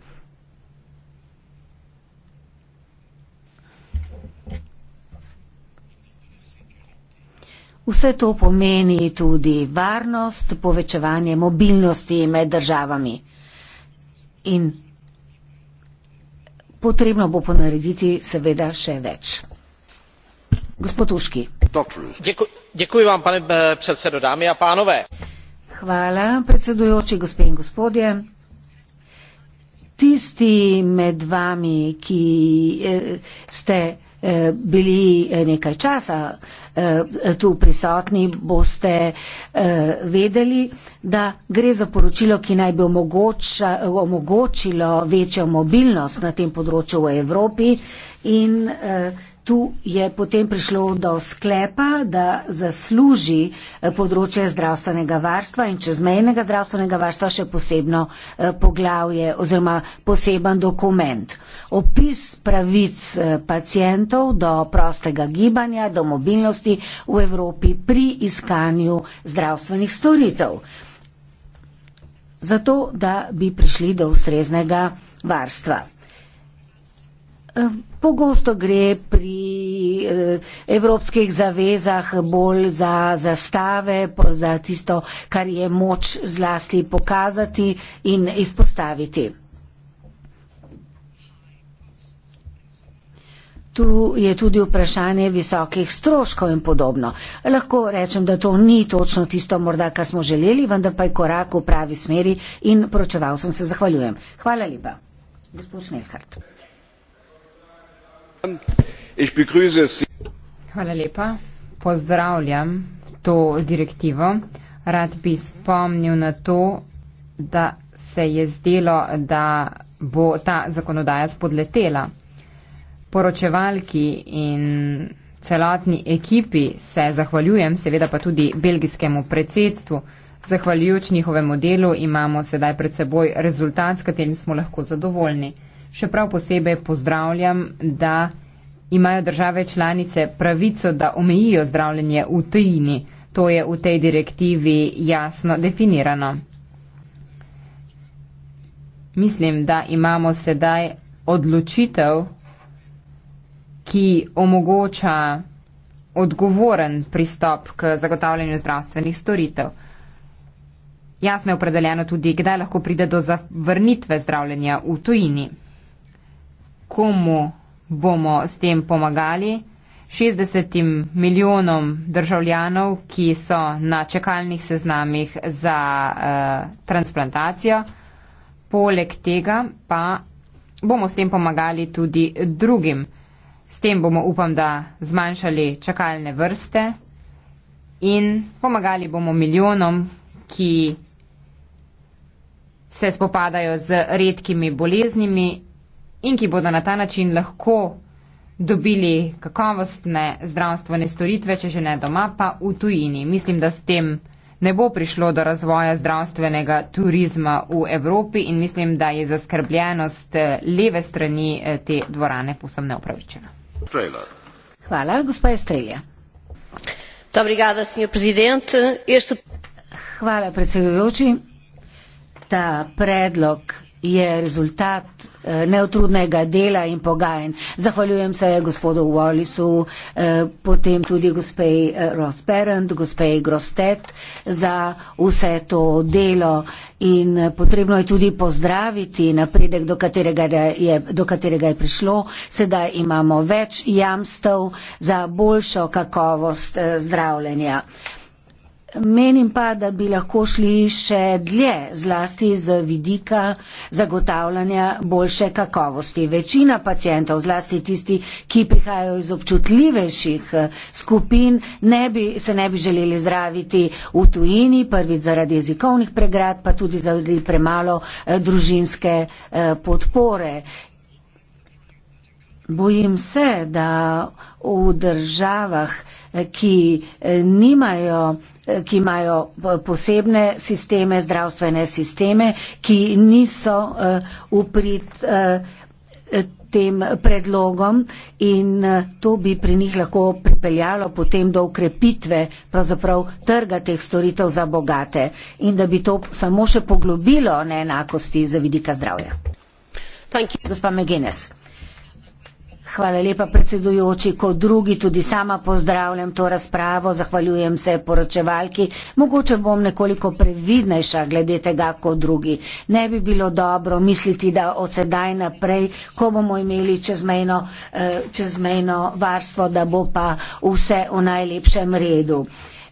Vse to pomeni tudi varnost, povečevanje mobilnosti med državami. In potrebno bo ponarediti seveda še več. Gospod Uški. Děkuji vám, pane eh, predsedo, dámy a pánové. Hvala, predsedujoči, gospe in gospodje. Tisti med vami, ki eh, ste. Eh, bili eh, nekaj časa eh, tu prisotni, boste vedeli, da gre za poročilo, ki naj bi omogoča, omogočilo večjo mobilnost na tem področju v Evropi in tu je potem prišlo do sklepa, da zasluži eh, področje zdravstvenega varstva in čezmejnega zdravstvenega varstva še posebno eh, poglavje oziroma poseben dokument. Opis pravic eh, pacijentov do prostega gibanja, do mobilnosti v Evropi pri iskanju zdravstvenih storitev. Zato, da bi prišli do ustreznega varstva. Eh, pogosto gre pri eh, evropskih zavezah bolj za zastave, za tisto, kar je moč zlasti pokazati in izpostaviti. Tu je tudi vprašanje visokih stroškov in podobno. Lahko rečem, da to ni točno tisto morda, kar smo želeli, vendar pa je korak v pravi smeri in poročeval sem se zahvaljujem. Hvala lepa. Gospod Šnelhardt. Pozdravljam to direktivo. Rad bi spomnil na to, da se je zdelo, da bo ta zakonodaja spodletela. Poročevalki in celotni ekipi se zahvaljujem, seveda pa tudi belgijskemu predsedstvu. Zahvaljujoč njihovemu delu imamo sedaj pred seboj rezultat, s katerim smo lahko zadovoljni še prav posebej pozdravljam, da imajo države članice pravico, da omejijo zdravljenje v tujini. To je v tej direktivi jasno definirano. Mislim, da imamo sedaj odločitev, ki omogoča odgovoren pristop k zagotavljanju zdravstvenih storitev. Jasno je opredeljeno tudi, kdaj lahko pride do zavrnitve zdravljenja v tujini komu bomo s tem pomagali, 60 milijonom državljanov, ki so na čakalnih seznamih za uh, transplantacijo. Poleg tega pa bomo s tem pomagali tudi drugim. S tem bomo, upam, da zmanjšali čakalne vrste in pomagali bomo milijonom, ki se spopadajo z redkimi boleznimi in ki bodo na ta način lahko dobili kakovostne zdravstvene storitve, če že ne doma, pa v tujini. Mislim, da s tem ne bo prišlo do razvoja zdravstvenega turizma v Evropi in mislim, da je zaskrbljenost eh, leve strani eh, te dvorane posem neupravičena. Hvala, gospa Estrelja. Obrigada, Hvala, predsedujoči. Ta predlog je rezultat eh, neotrudnega dela in pogajanj. Zahvaljujem se gospodu Wallisu, eh, potem tudi gospej eh, Rothperent, gospej Grostet za vse to delo in potrebno je tudi pozdraviti napredek, do katerega je, do katerega je prišlo. Sedaj imamo več jamstev za boljšo kakovost zdravljenja. Menim pa, da bi lahko šli še dlje, zlasti z vidika zagotavljanja boljše kakovosti. Večina pacijentov, zlasti tisti, ki prihajajo iz občutljivejših eh, skupin, ne bi, se ne bi želeli zdraviti v tujini, prvi zaradi jezikovnih pregrad, pa tudi zaradi premalo eh, družinske eh, podpore. Bojim se, da v državah, ki eh, nimajo, eh, ki imajo eh, posebne sisteme, zdravstvene sisteme, ki niso uprit tem predlogom in to bi pri njih lahko pripeljalo potem do ukrepitve pravzaprav trga teh storitev za bogate in da bi to samo še poglobilo neenakosti za vidika zdravja. Gospa McGuinness. Hvala lepa, predsedujoči. Kot drugi tudi sama pozdravljam to razpravo, zahvaljujem se poročevalki. Mogoče bom nekoliko previdnejša glede tega kot drugi. Ne bi bilo dobro misliti, da od sedaj naprej, ko bomo imeli čezmejno, eh, čezmejno varstvo, da bo pa vse v najlepšem redu.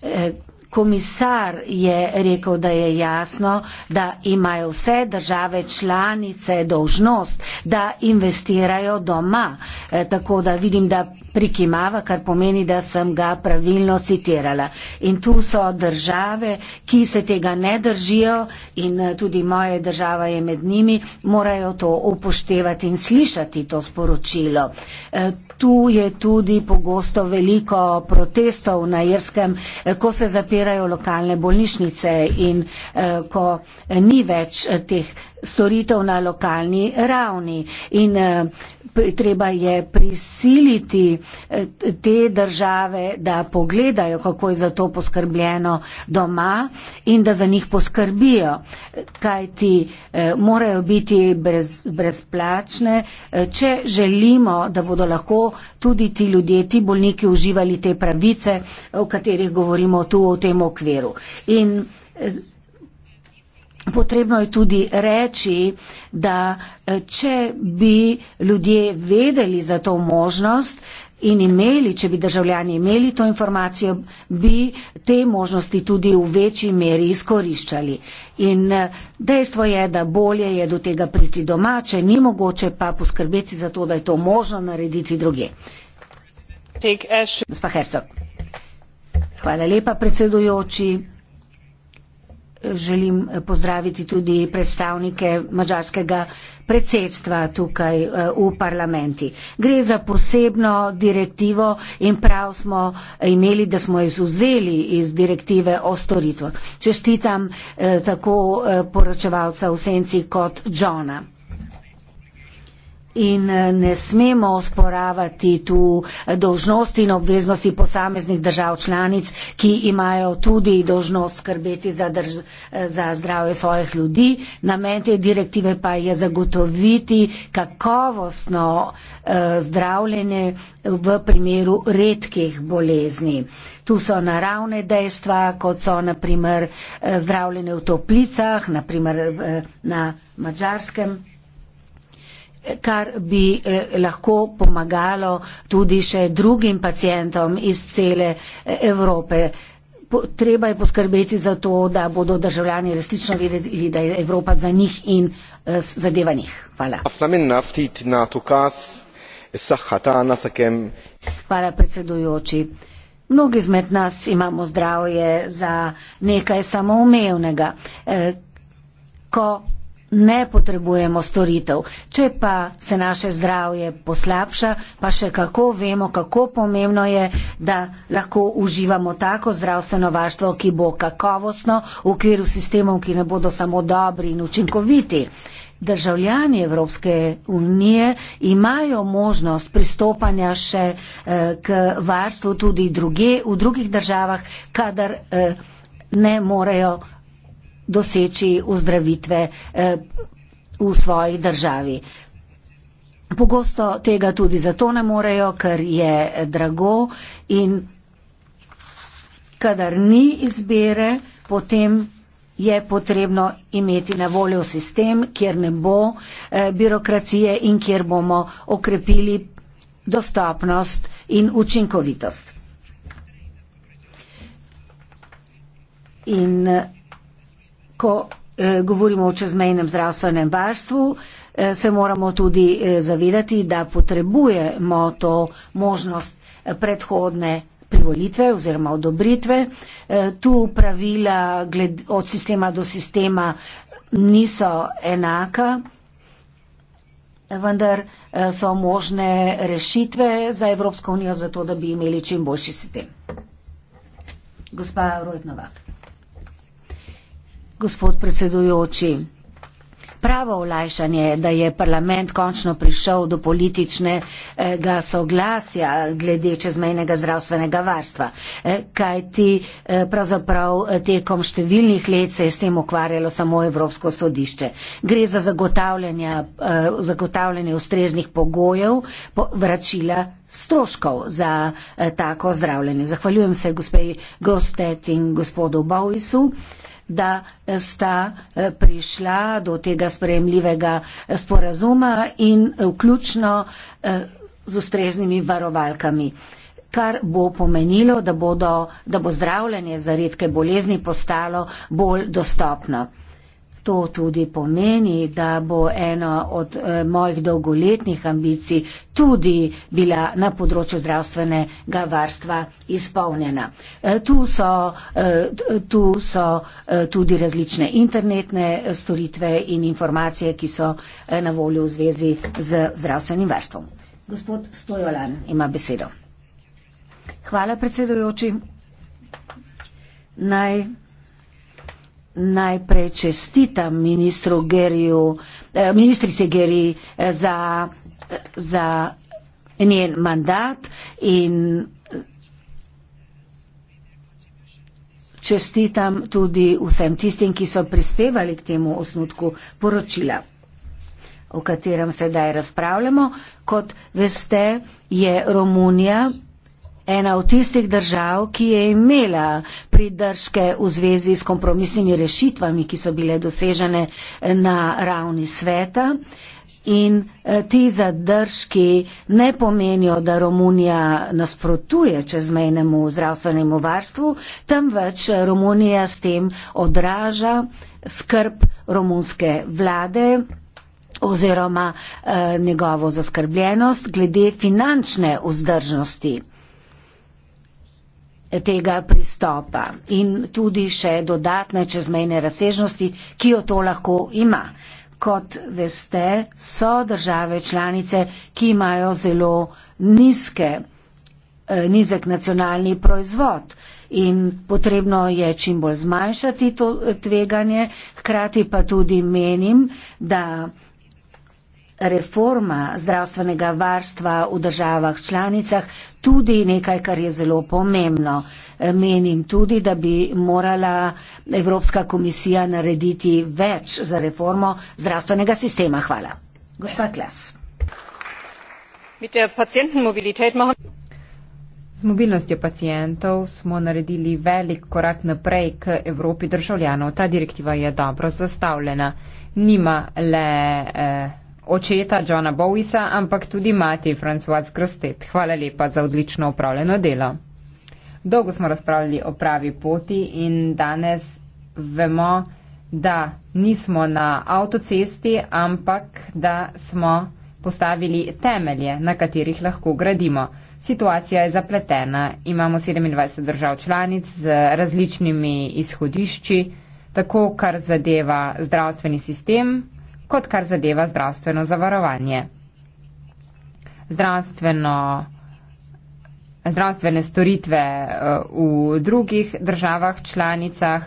Eh, Komisar je rekel, da je jasno, da imajo vse države članice dožnost, da investirajo doma. E, tako da vidim, da prikimava, kar pomeni, da sem ga pravilno citirala. In tu so države, ki se tega ne držijo in eh, tudi moja država je med njimi, morajo to upoštevati in slišati to sporočilo. Eh, tu je tudi pogosto veliko protestov na Irskem, eh, ko se zapirajo lokalne bolnišnice in ko ni več teh storitev na lokalni ravni in eh, treba je prisiliti eh, te države, da pogledajo, kako je za to poskrbljeno doma in da za njih poskrbijo, kajti eh, morajo biti brez, brezplačne, če želimo, da bodo lahko tudi ti ljudje, ti bolniki uživali te pravice, o katerih govorimo tu v tem okviru. In, Potrebno je tudi reči, da eh, če bi ljudje vedeli za to možnost in imeli, če bi državljani imeli to informacijo, bi te možnosti tudi v večji meri izkoriščali. In eh, dejstvo je, da bolje je do tega priti domače, ni mogoče pa poskrbeti za to, da je to možno narediti druge. Gospa Herzog. Hvala lepa, predsedujoči želim pozdraviti tudi predstavnike mađarskega predsedstva tukaj eh, v parlamenti. Gre za posebno direktivo in prav smo imeli, da smo jo izuzeli iz direktive o storitvah. Čestitam eh, tako eh, poročevalca v senci kot Johna in eh, ne smemo osporavati tu eh, dožnosti in obveznosti posameznih držav članic, ki imajo tudi dožnost skrbeti za, drž, eh, za zdravje svojih ljudi. Namen te direktive pa je zagotoviti kakovostno zdravljenje v primeru redkih bolezni. Tu so naravne dejstva, kot so naprimer zdravljenje v toplicah, naprimer na mačarskem kar bi eh, lahko pomagalo tudi še drugim pacijentom iz cele eh, Evrope. Treba je poskrbeti za to, da bodo državljani resnično videli, da je Evropa za njih in eh, zadeva njih. Hvala. Hvala, predsedujoči. Mnogi izmed nas imamo zdravje za nekaj samoumevnega. Ko ne potrebujemo storitev. Če pa se naše zdravje poslabša, pa še kako vemo, kako pomembno je, da lahko uživamo tako zdravstveno varstvo, ki bo kakovostno v okviru sistemov, ki ne bodo samo dobri in učinkoviti. Državljani Evropske unije imajo možnost pristopanja še eh, k varstvu tudi druge, v drugih državah, kadar eh, ne morejo doseči ozdravitve eh, v svoji državi. Pogosto tega tudi zato ne morejo, ker je drago in kadar ni izbere, potem je potrebno imeti na voljo sistem, kjer ne bo eh, birokracije in kjer bomo okrepili dostopnost in učinkovitost. In eh, ko eh, govorimo o čezmejnem zdravstvenem varstvu, eh, se moramo tudi eh, zavedati, da potrebujemo to možnost predhodne privolitve oziroma odobritve. Tu pravila od sistema do sistema niso enaka, vendar so možne rešitve za Evropsko unijo, zato da bi imeli čim boljši sistem. Gospa Rojtnovak gospod predsedujoči. Pravo olajšanje, da je parlament končno prišel do političnega soglasja glede čezmejnega zdravstvenega varstva, eh, kaj ti eh, pravzaprav eh, tekom številnih let se je s tem ukvarjalo samo Evropsko sodišče. Gre za zagotavljanje, zagotavljanje ustreznih pogojev vračila stroškov za tako zdravljenje. Zahvaljujem se gospej Grostet in gospodu Bauisu da sta eh, prišla do tega sprejemljivega eh, sporazuma in eh, vključno z ustreznimi varovalkami kar bo pomenilo, da, bodo, da bo zdravljenje za redke bolezni postalo bolj dostopno to tudi pomeni, da bo ena od eh, mojih dolgoletnih ambicij tudi bila na področju zdravstvenega varstva izpolnjena. Eh, tu so, eh, tu so eh, tudi različne internetne storitve in informacije, ki so eh, na voljo v zvezi z zdravstvenim varstvom. Gospod Stojolan ima besedo. Hvala predsedujoči. Naj najprej čestitam Geriju, eh, ministrici Geri eh, za, za njen mandat in čestitam tudi vsem tistim, ki so prispevali k temu osnutku poročila o katerem sedaj razpravljamo. Kot veste, je Romunija ena od tistih držav, ki je imela pridržke v zvezi s kompromisnimi rešitvami, ki so bile dosežene eh, na ravni sveta. In eh, ti zadržki ne pomenijo, da Romunija nasprotuje čezmejnemu zdravstvenemu varstvu, temveč eh, Romunija s tem odraža skrb romunske vlade oziroma eh, njegovo zaskrbljenost glede finančne vzdržnosti tega pristopa in tudi še dodatne čezmejne razsežnosti, ki jo to lahko ima. Kot veste, so države članice, ki imajo zelo nizke, eh, nizek nacionalni proizvod in potrebno je čim bolj zmanjšati to eh, tveganje, hkrati pa tudi menim, da reforma zdravstvenega varstva v državah članicah tudi nekaj, kar je zelo pomembno. Menim tudi, da bi morala Evropska komisija narediti več za reformo zdravstvenega sistema. Hvala. Gospa Klas. Z mobilnostjo pacijentov smo naredili velik korak naprej k Evropi državljanov. Ta direktiva je dobro zastavljena. Nima le. Eh, očeta Johna Bowisa, ampak tudi mati Françoise Krostet. Hvala lepa za odlično upravljeno delo. Dolgo smo razpravljali o pravi poti in danes vemo, da nismo na avtocesti, ampak da smo postavili temelje, na katerih lahko gradimo. Situacija je zapletena. Imamo 27 držav članic z različnimi izhodišči, tako kar zadeva zdravstveni sistem, kot kar zadeva zdravstveno zavarovanje. Zdravstveno, zdravstvene storitve eh, v drugih državah članicah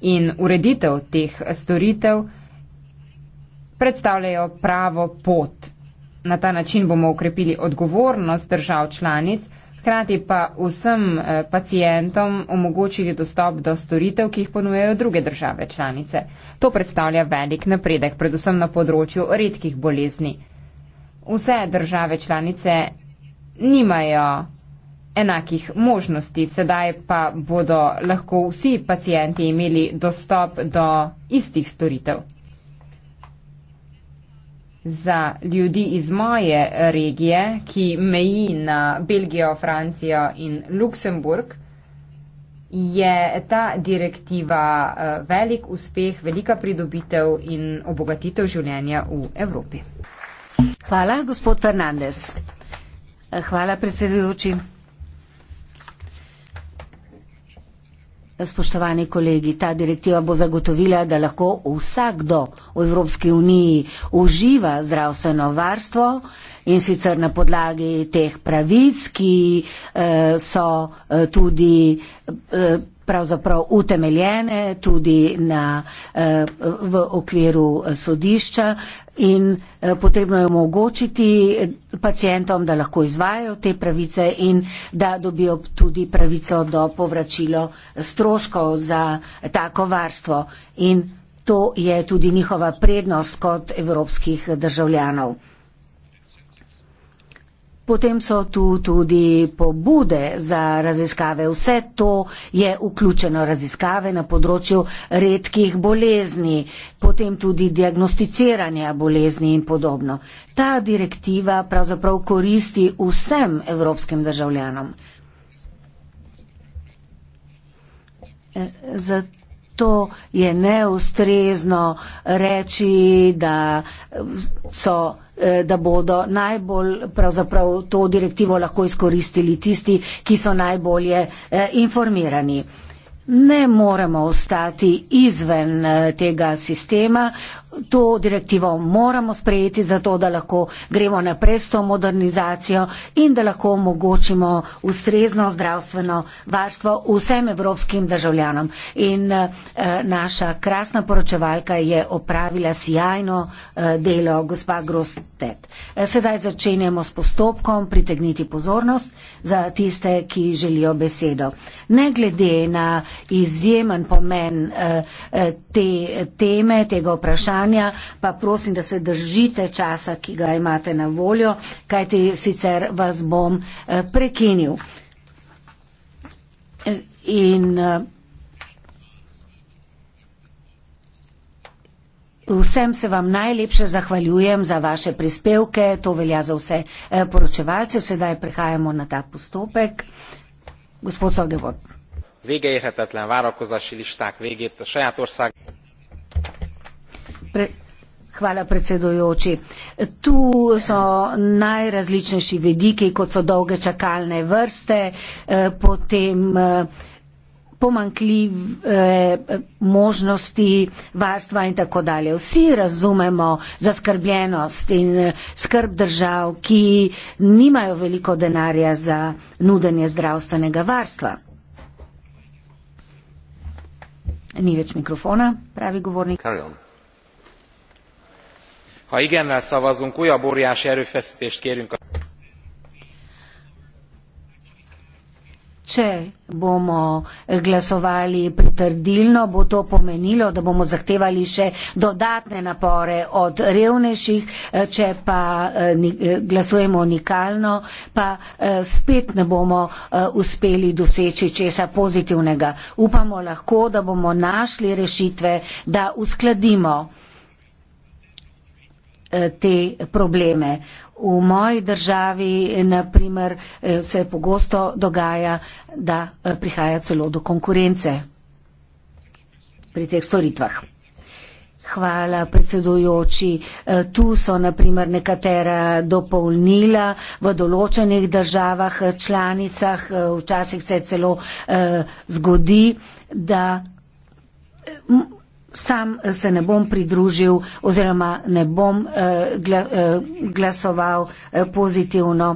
in ureditev teh storitev predstavljajo pravo pot. Na ta način bomo ukrepili odgovornost držav članic, hkrati pa vsem eh, pacijentom omogočili dostop do storitev, ki jih ponujejo druge države članice. To predstavlja velik napredek, predvsem na področju redkih bolezni. Vse države članice nimajo enakih možnosti, sedaj pa bodo lahko vsi pacijenti imeli dostop do istih storitev. Za ljudi iz moje regije, ki meji na Belgijo, Francijo in Luksemburg, je ta direktiva eh, velik uspeh, velika pridobitev in obogatitev življenja v Evropi. Hvala, gospod Fernandez. Eh, hvala, predsedujoči. Spoštovani kolegi, ta direktiva bo zagotovila, da lahko vsakdo v Evropski uniji uživa zdravstveno varstvo in sicer na podlagi teh pravic, ki eh, so eh, tudi. Eh, pravzaprav utemeljene tudi na, eh, v okviru eh, sodišča in eh, potrebno je omogočiti pacijentom, da lahko izvajo te pravice in da dobijo tudi pravico do povračilo stroškov za tako varstvo. In to je tudi njihova prednost kot evropskih državljanov. Potem so tu tudi pobude za raziskave. Vse to je vključeno raziskave na področju redkih bolezni, potem tudi diagnosticiranja bolezni in podobno. Ta direktiva pravzaprav koristi vsem evropskim državljanom. E, zato to je neustrezno reči, da so eh, da bodo najbolj pravzaprav to direktivo lahko izkoristili tisti, ki so najbolje eh, informirani. Ne moremo ostati izven eh, tega sistema, to direktivo moramo sprejeti zato, da lahko gremo naprej s to modernizacijo in da lahko omogočimo ustrezno zdravstveno varstvo vsem evropskim državljanom. In eh, naša krasna poročevalka je opravila sijajno eh, delo, gospa Grostet. Eh, sedaj začenjamo s postopkom pritegniti pozornost za tiste, ki želijo besedo. Ne glede na izjemen pomen eh, eh te teme, tega vprašanja, vprašanja, pa prosim, da se držite časa, ki ga imate na voljo, kajti sicer vas bom eh, prekinil. In eh, vsem se vam najlepše zahvaljujem za vaše prispevke, to velja za vse eh, poročevalce, sedaj prehajamo na ta postopek. Gospod Sogevod. Vége érhetetlen várakozási listák végét a saját országban. Hvala predsedujoči. Tu so najrazličnejši vediki, kot so dolge čakalne vrste, eh, potem eh, pomankljive eh, možnosti varstva in tako dalje. Vsi razumemo zaskrbljenost in skrb držav, ki nimajo veliko denarja za nudenje zdravstvenega varstva. Ni več mikrofona, pravi govornik. Karjon ha igennel szavazunk újabb óriási erőfesztést kérünk a. Če bomo glasovali pritrdilno, bo to pomenilo, da bomo zahtevali še dodatne napore od revnejših, če pa eh, eh, glasujemo unikalno, pa eh, spet ne bomo uspeli doseči česa pozitivnega. Upamo lahko, da bomo našli rešitve, da uskladimo Eh, te probleme. V moji državi, eh, naprimer, eh, se pogosto dogaja, da prihaja celo do konkurence pri teh storitvah. Hvala, predsedujoči. Tu so naprimer nekatera dopolnila v določenih državah, članicah, včasih se celo zgodi, da sam se ne bom pridružil oziroma ne bom eh, gla, eh, glasoval eh, pozitivno.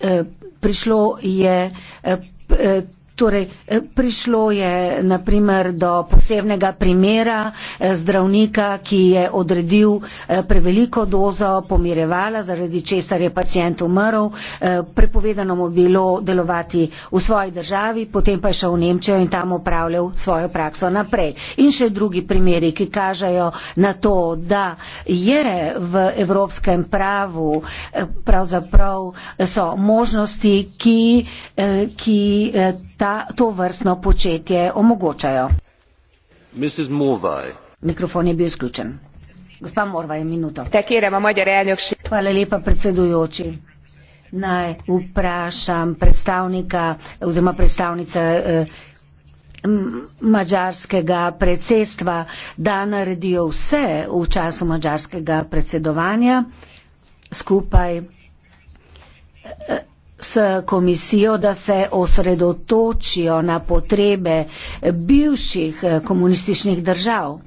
Eh, prišlo je eh, eh Torej, eh, prišlo je naprimer do posebnega primera eh, zdravnika, ki je odredil eh, preveliko dozo pomirevala, zaradi česar je pacijent umrl, prepovedano mu bilo delovati v svoji državi, potem pa je šel v Nemčijo in tam upravljal svojo prakso naprej. In še drugi primeri, ki kažejo na to, da je v evropskem pravu pravzaprav so možnosti, ki, ki ta to vrstno početje omogočajo. Mikrofon je bil izključen. Gospa Morva je minuto. Hvala lepa predsedujoči. Naj vprašam predstavnika oziroma predstavnica eh, mađarskega predsedstva, da naredijo vse v času mađarskega predsedovanja skupaj. Eh, s komisijo, da se osredotočijo na potrebe bivših eh, komunističnih držav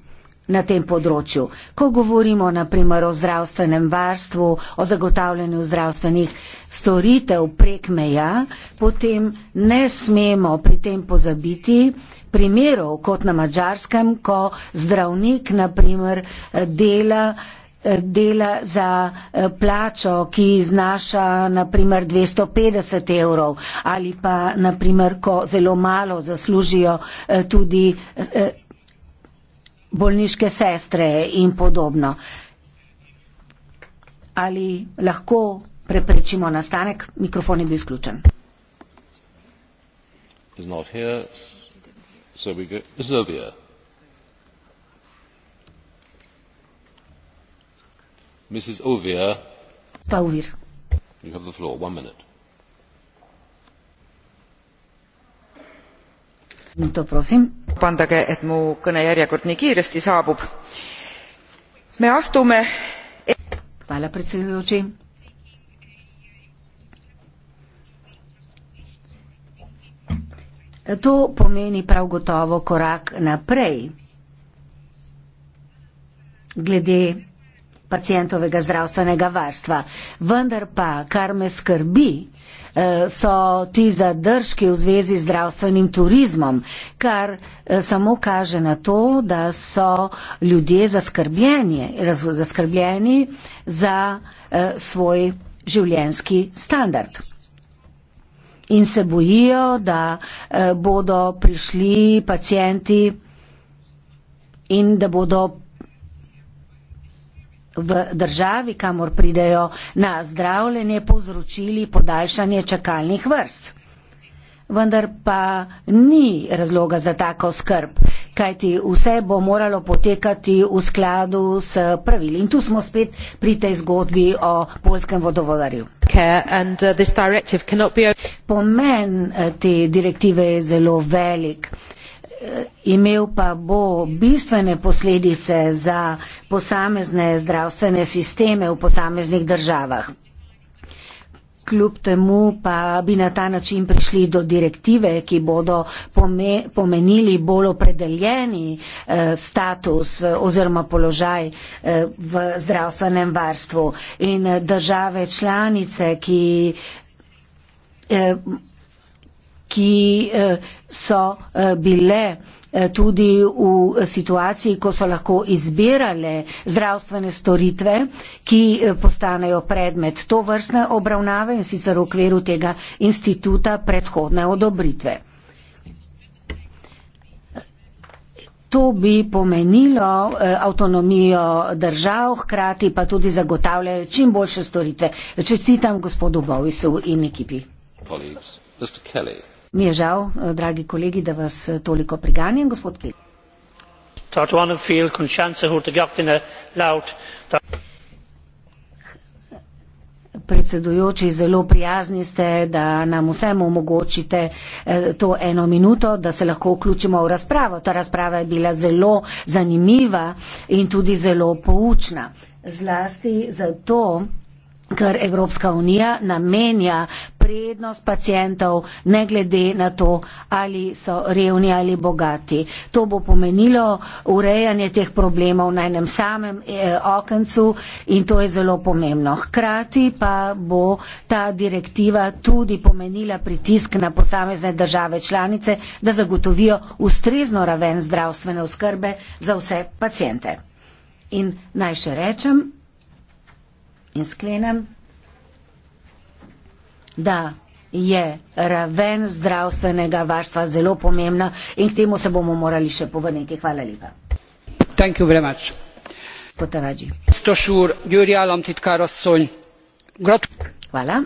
na tem področju. Ko govorimo naprimer o zdravstvenem varstvu, o zagotavljanju zdravstvenih storitev prek meja, potem ne smemo pri tem pozabiti primerov kot na Mačarskem, ko zdravnik naprimer eh, dela dela za eh, plačo, ki znaša naprimer 250 evrov ali pa naprimer, ko zelo malo zaslužijo eh, tudi eh, bolniške sestre in podobno. Ali lahko preprečimo nastanek? Mikrofon je bil izključen. Is not here, so we go. Zervia. vabandage et mu kõne järjekord nii kiiresti saabub me astume e- to pomeni prav gotovo korak naprej glede pacijentovega zdravstvenega varstva. Vendar pa, kar me skrbi, eh, so ti zadržki v zvezi z zdravstvenim turizmom, kar eh, samo kaže na to, da so ljudje zaskrbljeni, zaskrbljeni za eh, svoj življenjski standard. In se bojijo, da bodo prišli pacijenti in da bodo v državi, kamor pridejo na zdravljenje, povzročili podaljšanje čakalnih vrst. Vendar pa ni razloga za tako skrb, kajti vse bo moralo potekati v skladu s pravili. In tu smo spet pri tej zgodbi o polskem vodovodarju. Uh, Pomen eh, te direktive je zelo velik imel pa bo bistvene posledice za posamezne zdravstvene sisteme v posameznih državah. Kljub temu pa bi na ta način prišli do direktive, ki bodo pomenili bolj opredeljeni eh, status eh, oziroma položaj eh, v zdravstvenem varstvu in države članice, ki ki eh, so eh, bile eh, tudi v situaciji, ko so lahko izbirale zdravstvene storitve, ki postanejo predmet to vrstne obravnave in sicer v okviru tega instituta predhodne odobritve. To bi pomenilo avtonomijo držav, hkrati pa tudi zagotavljajo čim boljše storitve. Čestitam gospodu Bovisu in ekipi. Colleagues. Mr. Kelly. Mi je žal, eh, dragi kolegi, da vas eh, toliko priganjam, gospod Kelly. Predsedujoči, zelo prijazni ste, da nam vsem omogočite eh, to eno minuto, da se lahko vključimo v razpravo. Ta razprava je bila zelo zanimiva in tudi zelo poučna. Zlasti zato, kar Evropska unija namenja prednost pacijentov, ne glede na to, ali so revni ali bogati. To bo pomenilo urejanje teh problemov na enem samem e, okencu in to je zelo pomembno. Hkrati pa bo ta direktiva tudi pomenila pritisk na posamezne države članice, da zagotovijo ustrezno raven zdravstvene oskrbe za vse pacijente. In naj še rečem, in sklenem, da je raven zdravstvenega varstva zelo pomembna in k temu se bomo morali še povrniti. Hvala lepa. Thank you very much. Potaradži. Stošur, Gyuri államtitkár asszony. Grat Hvala.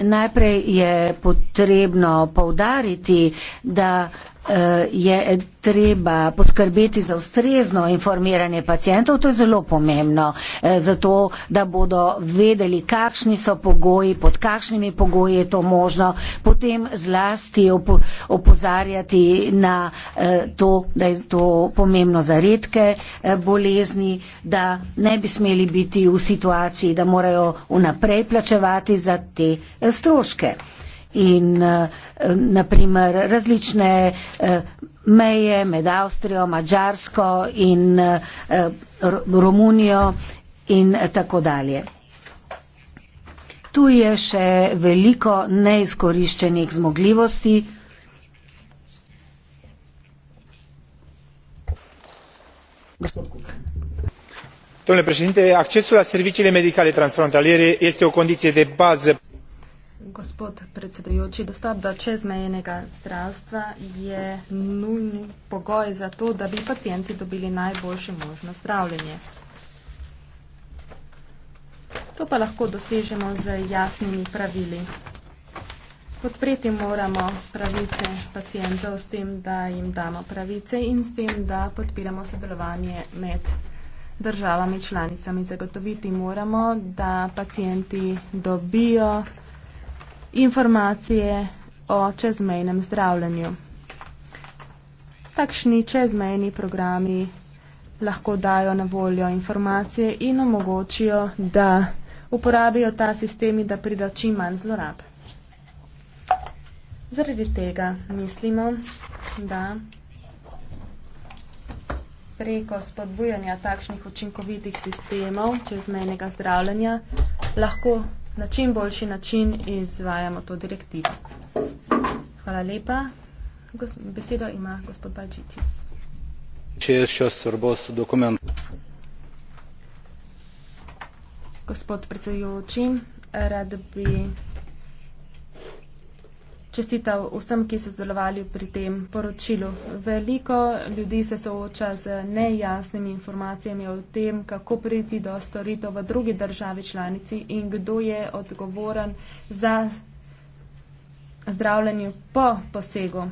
Najprej je potrebno poudariti, da Eh, je treba poskrbeti za ustrezno informiranje pacijentov, to je zelo pomembno, eh, zato da bodo vedeli, kakšni so pogoji, pod kakšnimi pogoji je to možno, potem zlasti opozarjati na eh, to, da je to pomembno za redke bolezni, da ne bi smeli biti v situaciji, da morajo vnaprej plačevati za te stroške in uh, eh, naprimer različne uh, meje med Avstrijo, Mačarsko in uh, Romunijo in tako dalje. Tu je še veliko neizkoriščenih zmogljivosti. Domnule președinte, accesul la serviciile medicale transfrontaliere este o condiție de bază. Gospod predsedujoči, dostop do čezmejnega zdravstva je nujni pogoj za to, da bi pacijenti dobili najboljše možno zdravljenje. To pa lahko dosežemo z jasnimi pravili. Podpreti moramo pravice pacijentov s tem, da jim damo pravice in s tem, da podpiramo sodelovanje med državami članicami. Zagotoviti moramo, da pacijenti dobijo informacije o čezmejnem zdravljenju. Takšni čezmejni programi lahko dajo na voljo informacije in omogočijo, da uporabijo ta sistem in da prida čim manj zlorab. Zaradi tega mislimo, da preko spodbujanja takšnih učinkovitih sistemov čezmejnega zdravljenja lahko na čim boljši način izvajamo to direktivo. Hvala lepa. Gos besedo ima gospod Balčicis. Če je še srbost dokument. Gospod predsedujoči, rad bi čestital vsem, ki so zdelovali pri tem poročilu. Veliko ljudi se sooča z nejasnimi informacijami o tem, kako priti do storitev v drugi državi članici in kdo je odgovoren za zdravljenje po posegu.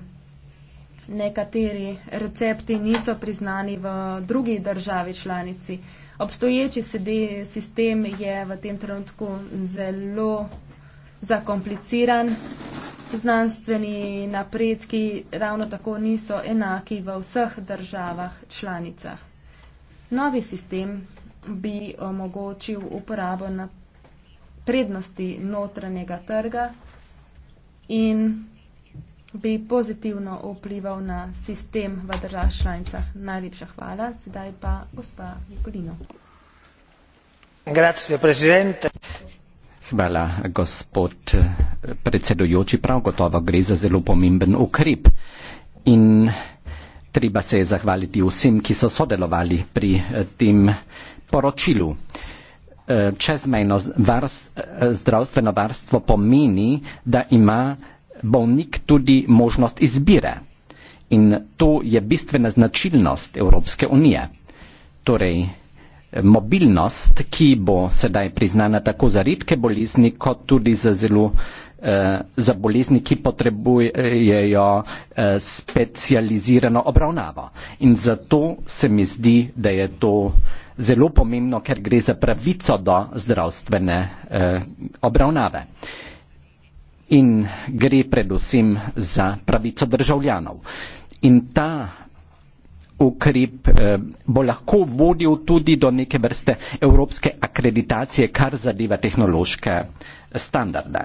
Nekateri recepti niso priznani v drugi državi članici. Obstoječi sistem je v tem trenutku zelo zakompliciran znanstveni napredki ravno tako niso enaki v vseh državah članicah. Novi sistem bi omogočil uporabo na prednosti notranjega trga in bi pozitivno vplival na sistem v državah članicah. Najlepša hvala, sedaj pa gospa Nikolino. Grazie, presidente. Hvala, gospod eh, predsedujoči. Prav gotovo gre za zelo pomemben ukrep. In treba se je zahvaliti vsem, ki so sodelovali pri eh, tem poročilu. Eh, čezmejno varst, zdravstveno varstvo pomeni, da ima bolnik tudi možnost izbire. In to je bistvena značilnost Evropske unije. Torej, mobilnost, ki bo sedaj priznana tako za redke bolezni, kot tudi za zelo eh, za bolezni, ki potrebujejo eh, specializirano obravnavo. In zato se mi zdi, da je to zelo pomembno, ker gre za pravico do zdravstvene eh, obravnave. In gre predvsem za pravico državljanov. In ta ukrep eh, bo lahko vodil tudi do neke vrste evropske akreditacije, kar zadeva tehnološke standarde.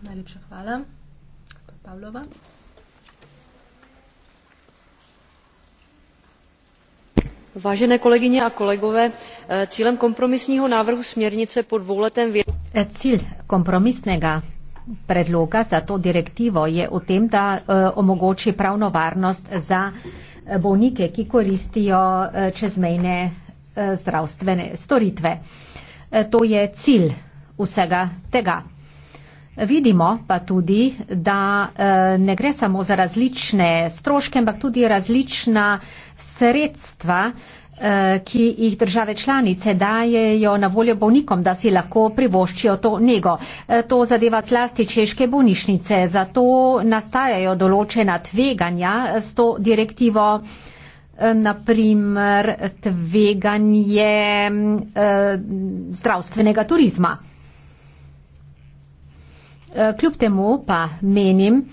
Najlepša hvala. Pavlova. Vážené kolegyně a kolegové, eh, cílem kompromisního návrhu směrnice po dvouletém věku... Eh, cíl kompromisného predloga za to direktivo je v tem, da eh, omogoči pravno varnost za eh, bolnike, ki koristijo eh, čezmejne zdravstvene storitve. To je cilj vsega tega. Vidimo pa tudi, da ne gre samo za različne stroške, ampak tudi različna sredstva, Eh, ki jih države članice dajejo na voljo bolnikom, da si lahko privoščijo to nego. Eh, to zadeva zlasti češke bolnišnice, zato nastajajo določena tveganja s to direktivo. Eh, Naprimer, tveganje zdravstvenega turizma. Kljub temu pa menim,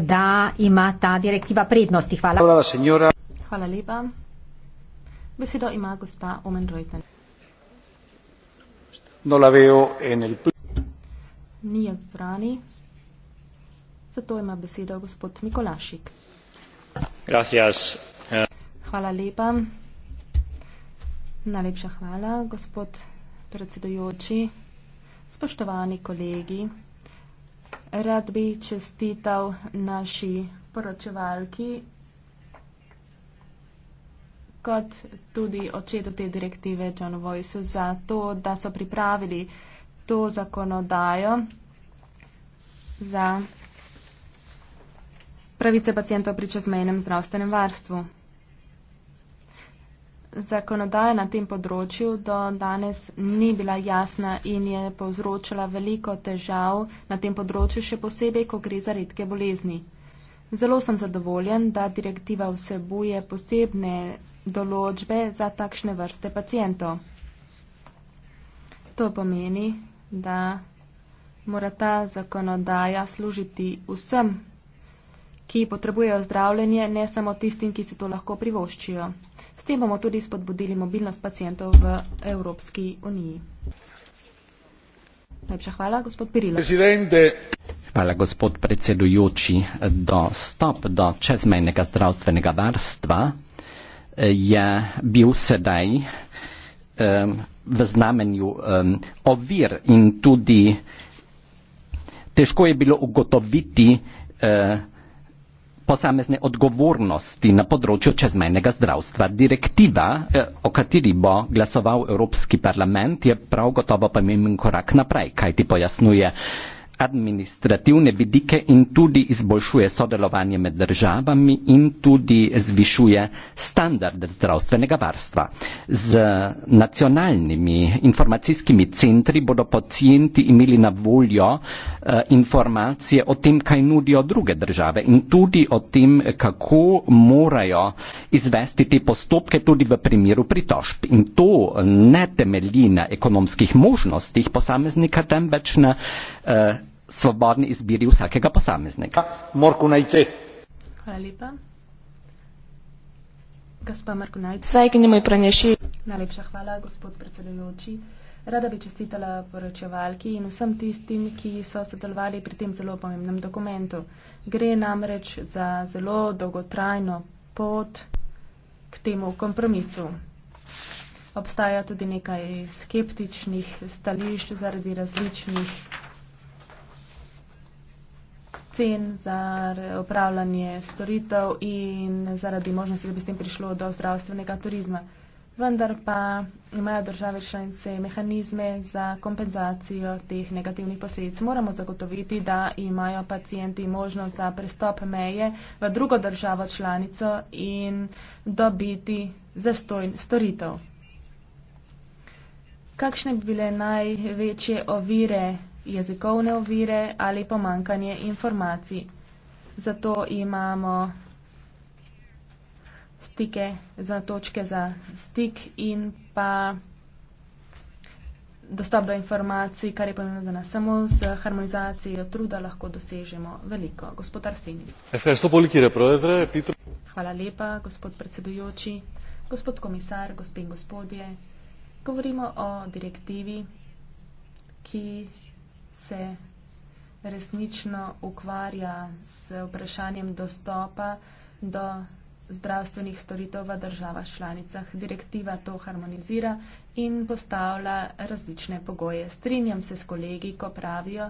da ima ta direktiva prednosti. Hvala. Hvala, Hvala lepa. Besedo ima gospa Omen Rojten. No, laveo en el plan. Ni v vrani. Zato ima besedo gospod Mikolašik. Gracias. Hvala lepa. Najlepša hvala, gospod predsedujoči, spoštovani kolegi. Rad bi čestital naši poročevalki kot tudi očetu te direktive John Voice za to, da so pripravili to zakonodajo za pravice pacijentov pri čezmejnem zdravstvenem varstvu. Zakonodaja na tem področju do danes ni bila jasna in je povzročila veliko težav na tem področju, še posebej, ko gre za redke bolezni. Zelo sem zadovoljen, da direktiva vsebuje posebne določbe za takšne vrste pacijentov. To pomeni, da mora ta zakonodaja služiti vsem, ki potrebujejo zdravljenje, ne samo tistim, ki se to lahko privoščijo. S tem bomo tudi spodbudili mobilnost pacijentov v Evropski uniji. Najlepša hvala, gospod Pirilo. Presidente. Hvala, gospod predsedujoči. Dostop do čezmejnega zdravstvenega varstva je bil sedaj um, v znamenju um, ovir in tudi težko je bilo ugotoviti uh, posamezne odgovornosti na področju čezmejnega zdravstva. Direktiva, eh, o kateri bo glasoval Evropski parlament, je prav gotovo pomemben korak naprej, kaj ti pojasnuje uh, administrativne vidike in tudi izboljšuje sodelovanje med državami in tudi zvišuje standard zdravstvenega varstva. Z nacionalnimi informacijskimi centri bodo pacijenti imeli na voljo eh, informacije o tem, kaj nudijo druge države in tudi o tem, kako morajo izvesti te postopke tudi v primeru pritožb. In to ne temelji na ekonomskih možnostih posameznika, temveč na eh, svobodni izbiri vsakega posameznika. Morku najte. Hvala lepa. Gospa Marko Najc. Sveikinimo in praneši. Najlepša hvala, gospod predsedujoči. Rada bi čestitala poročevalki in vsem tistim, ki so sodelovali pri tem zelo pomembnem dokumentu. Gre namreč za zelo dolgotrajno pot k temu kompromisu. Obstaja tudi nekaj skeptičnih stališč zaradi različnih cen, za upravljanje storitev in zaradi možnosti, da bi s tem prišlo do zdravstvenega turizma. Vendar pa imajo države članice mehanizme za kompenzacijo teh negativnih posledic. Moramo zagotoviti, da imajo pacijenti možnost za prestop meje v drugo državo članico in dobiti zastojn storitev. Kakšne bi bile največje ovire? jezikovne ovire ali pomankanje informacij. Zato imamo stike za točke za stik in pa dostop do informacij, kar je pomembno za nas. Samo z harmonizacijo truda lahko dosežemo veliko. Gospod Arsenis. Hvala lepa, gospod predsedujoči, gospod komisar, gospe in gospodje. Govorimo o direktivi, ki se resnično ukvarja z vprašanjem dostopa do zdravstvenih storitev v državah članicah. Direktiva to harmonizira in postavlja različne pogoje. Strinjam se s kolegi, ko pravijo,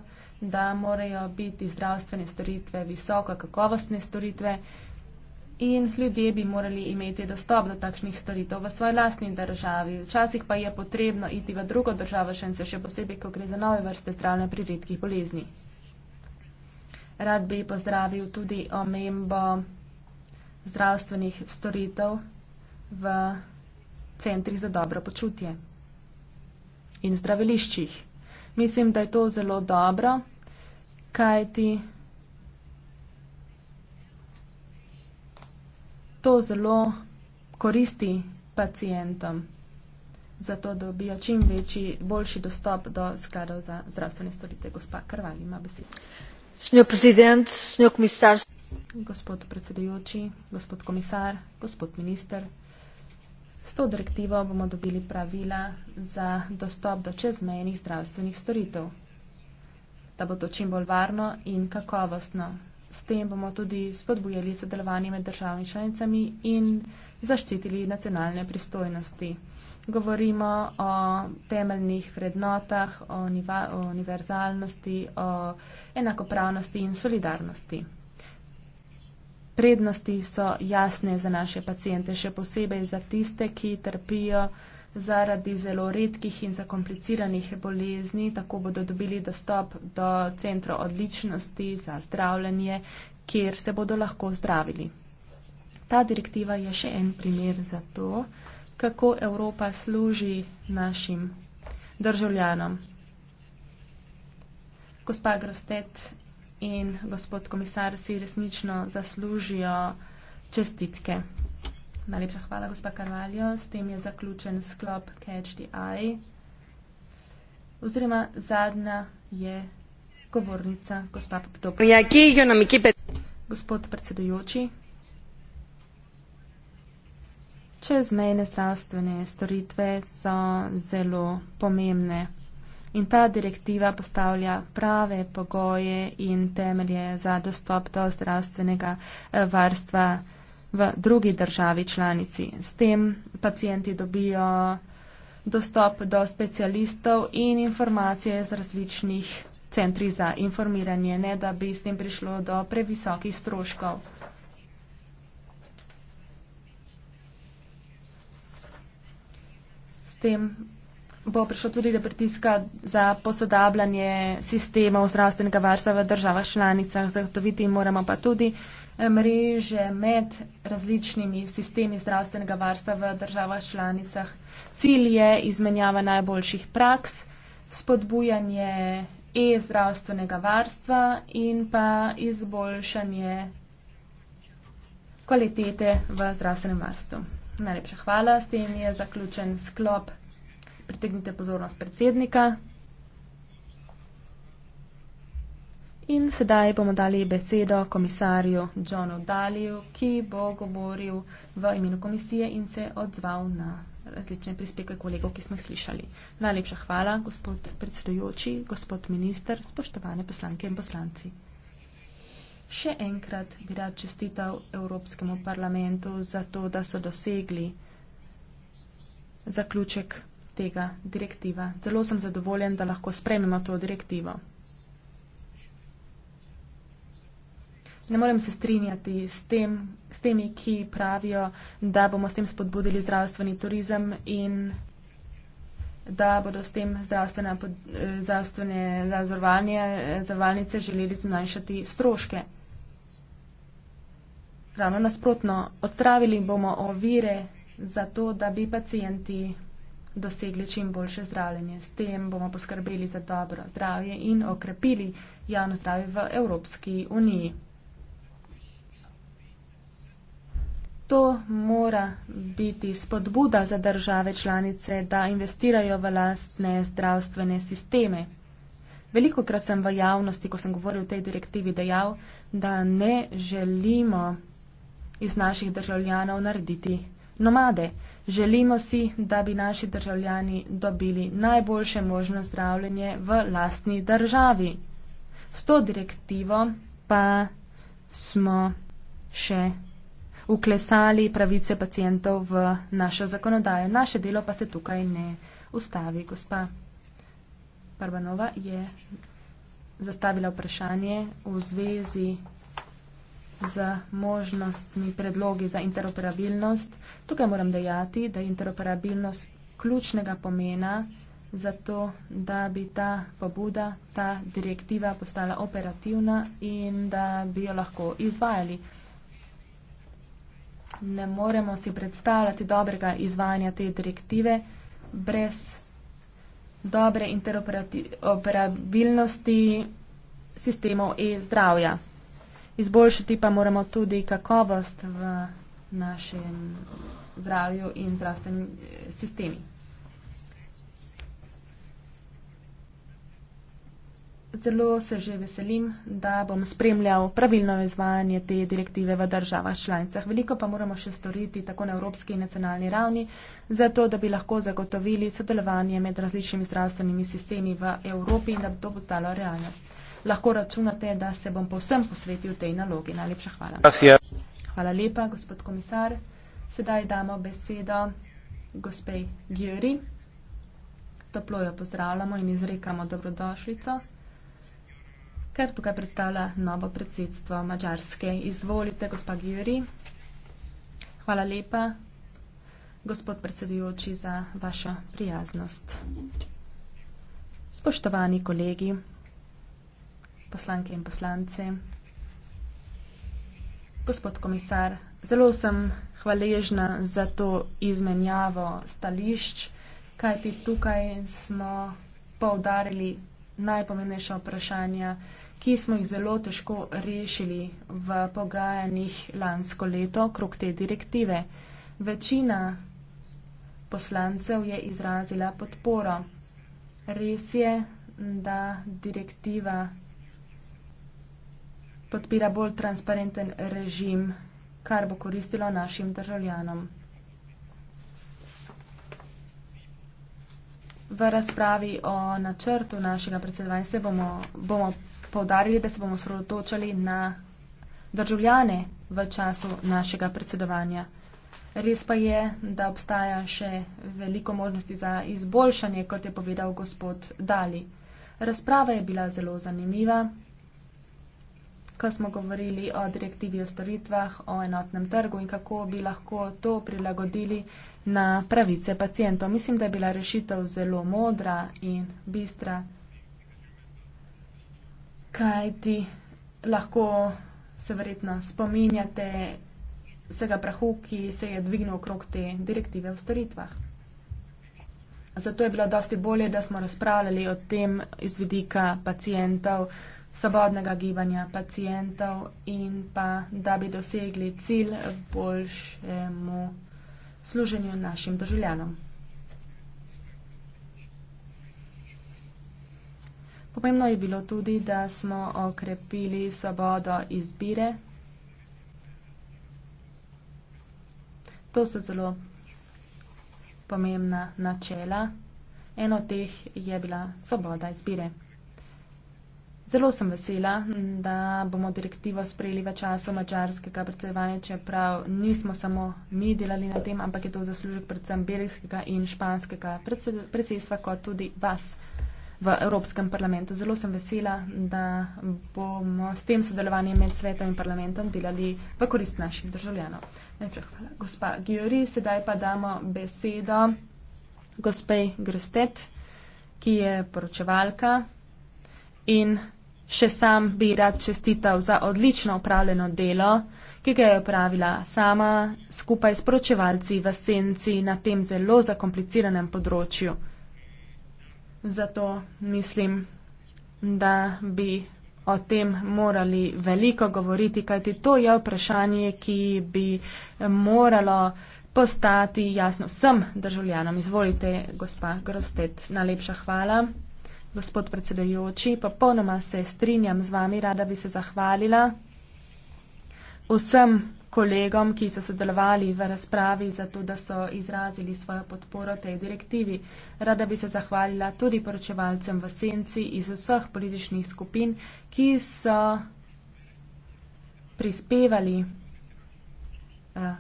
da morajo biti zdravstvene storitve visoko kakovostne storitve in ljudje bi morali imeti dostop do takšnih storitev v svoji lastni državi. Včasih pa je potrebno iti v drugo državo, še, še posebej, ko gre za nove vrste zdravljenja pri redkih bolezni. Rad bi pozdravil tudi omembo zdravstvenih storitev v centrih za dobro počutje in zdraviliščih. Mislim, da je to zelo dobro, kajti to zelo koristi pacijentom, zato dobijo čim večji, boljši dostop do skladov za zdravstvene storite. Gospa Krval ima besedo. Smejo prezident, smejo komisar. Gospod predsedujoči, gospod komisar, gospod minister. S to direktivo bomo dobili pravila za dostop do čezmejnih zdravstvenih storitev, da bo to čim bolj varno in kakovostno S tem bomo tudi spodbujali sodelovanje med državami članicami in zaščitili nacionalne pristojnosti. Govorimo o temeljnih vrednotah, o, o univerzalnosti, o enakopravnosti in solidarnosti. Prednosti so jasne za naše pacijente, še posebej za tiste, ki trpijo zaradi zelo redkih in zakompliciranih bolezni, tako bodo dobili dostop do centra odličnosti za zdravljanje, kjer se bodo lahko zdravili. Ta direktiva je še en primer za to, kako Evropa služi našim državljanom. Gospa Grostet in gospod komisar si resnično zaslužijo čestitke. Najlepša hvala, gospa Karvaljo. S tem je zaključen sklop Catch the Eye. Oziroma zadnja je govornica, gospa Popdopa. Ja, Gospod predsedujoči, čezmejne zdravstvene storitve so zelo pomembne. In ta direktiva postavlja prave pogoje in temelje za dostop do zdravstvenega eh, varstva v drugi državi članici. S tem pacijenti dobijo dostop do specialistov in informacije z različnih centri za informiranje, ne da bi s tem prišlo do previsokih stroškov. S tem bo prišlo tudi do pritiska za posodabljanje sistemov zdravstvenega varstva v državah članicah. Zagotoviti moramo pa tudi eh, mreže med različnimi sistemi zdravstvenega varstva v državah članicah. Cilj je izmenjava najboljših praks, spodbujanje e-zdravstvenega varstva in pa izboljšanje kvalitete v zdravstvenem varstvu. Najlepša hvala, s tem je zaključen sklop pritegnite pozornost predsednika. In sedaj bomo dali besedo komisarju Johnu Daliju, ki bo govoril v imenu komisije in se odzval na različne prispeke kolegov, ki smo jih slišali. Najlepša hvala, gospod predsedujoči, gospod minister, spoštovane poslanke in poslanci. Še enkrat bi rad čestital Evropskemu parlamentu za to, da so dosegli zaključek tega direktiva. Zelo sem zadovoljen, da lahko sprejmemo to direktivo. Ne morem se strinjati s, tem, s temi, ki pravijo, da bomo s tem spodbudili zdravstveni turizem in da bodo s tem eh, zdravstvene, zdravstvene eh, zavarovalnice želeli zmanjšati stroške. Ravno nasprotno, odstravili bomo ovire za to, da bi pacijenti dosegli čim boljše zdravljenje. S tem bomo poskrbeli za dobro zdravje in okrepili javno zdravje v Evropski uniji. To mora biti spodbuda za države članice, da investirajo v lastne zdravstvene sisteme. Veliko krat sem v javnosti, ko sem govoril o tej direktivi, dejal, da ne želimo iz naših državljanov narediti nomade. Želimo si, da bi naši državljani dobili najboljše možno zdravljenje v lastni državi. S to direktivo pa smo še uklesali pravice pacijentov v našo zakonodajo. Naše delo pa se tukaj ne ustavi. Gospa Parvanova je zastavila vprašanje v zvezi z možnostmi, predlogi za interoperabilnost. Tukaj moram dejati, da je interoperabilnost ključnega pomena za to, da bi ta pobuda, ta direktiva postala operativna in da bi jo lahko izvajali. Ne moremo si predstavljati dobrega izvajanja te direktive brez dobre interoperabilnosti sistemov e-zdravja izboljšati pa moramo tudi kakovost v našem zdravju in zdravstvenim eh, sistemi. Zelo se že veselim, da bom spremljal pravilno izvajanje te direktive v državah članicah. Veliko pa moramo še storiti tako na evropski in nacionalni ravni, zato da bi lahko zagotovili sodelovanje med različnimi zdravstvenimi sistemi v Evropi in da bi to postalo realnost lahko računate, da se bom povsem posvetil tej nalogi. Najlepša hvala. Hvala lepa, gospod komisar. Sedaj damo besedo gospej Gjuri. Toplo jo pozdravljamo in izrekamo dobrodošlico, ker tukaj predstavlja novo predsedstvo Mačarske. Izvolite, gospa Gjuri. Hvala lepa, gospod predsedujoči, za vašo prijaznost. Spoštovani kolegi, poslanke in poslanci. Gospod komisar, zelo sem hvaležna za to izmenjavo stališč, kajti tukaj smo povdarili najpomembnejša vprašanja, ki smo jih zelo težko rešili v pogajanjih lansko leto krok te direktive. Večina poslancev je izrazila podporo. Res je, da direktiva podpira bolj transparenten režim, kar bo koristilo našim državljanom. V razpravi o načrtu našega predsedovanja se bomo, bomo povdarili, da se bomo sredotočali na državljane v času našega predsedovanja. Res pa je, da obstaja še veliko možnosti za izboljšanje, kot je povedal gospod Dali. Razprava je bila zelo zanimiva ko smo govorili o direktivi o storitvah, o enotnem trgu in kako bi lahko to prilagodili na pravice pacijentov. Mislim, da je bila rešitev zelo modra in bistra, kaj ti lahko se verjetno spominjate vsega prahu, ki se je dvignil okrog te direktive o storitvah. Zato je bilo dosti bolje, da smo razpravljali o tem izvedika pacijentov svobodnega gibanja pacijentov in pa da bi dosegli cilj boljšemu služenju našim državljanom. Pomembno je bilo tudi, da smo okrepili svobodo izbire. To so zelo pomembna načela. Eno od teh je bila svoboda izbire. Zelo sem vesela, da bomo direktivo sprejeli v času mačarskega predsedovanja, čeprav nismo samo mi delali na tem, ampak je to zaslužek predvsem belgijskega in španskega predsedstva, kot tudi vas v Evropskem parlamentu. Zelo sem vesela, da bomo s tem sodelovanjem med svetom in parlamentom delali v korist naših državljanov. Najprej hvala. Gospa Giori, sedaj pa damo besedo gospej Grestet, ki je poročevalka in Še sam bi rad čestital za odlično upravljeno delo, ki ga je upravila sama skupaj s pročevalci v senci na tem zelo zakompliciranem področju. Zato mislim, da bi o tem morali veliko govoriti, kajti to je vprašanje, ki bi moralo postati jasno vsem državljanom. Izvolite, gospa Grostet, najlepša hvala. Gospod predsedajoči, popolnoma se strinjam z vami, rada bi se zahvalila vsem kolegom, ki so sodelovali v razpravi za to, da so izrazili svojo podporo tej direktivi. Rada bi se zahvalila tudi poročevalcem v senci iz vseh političnih skupin, ki so prispevali. Uh,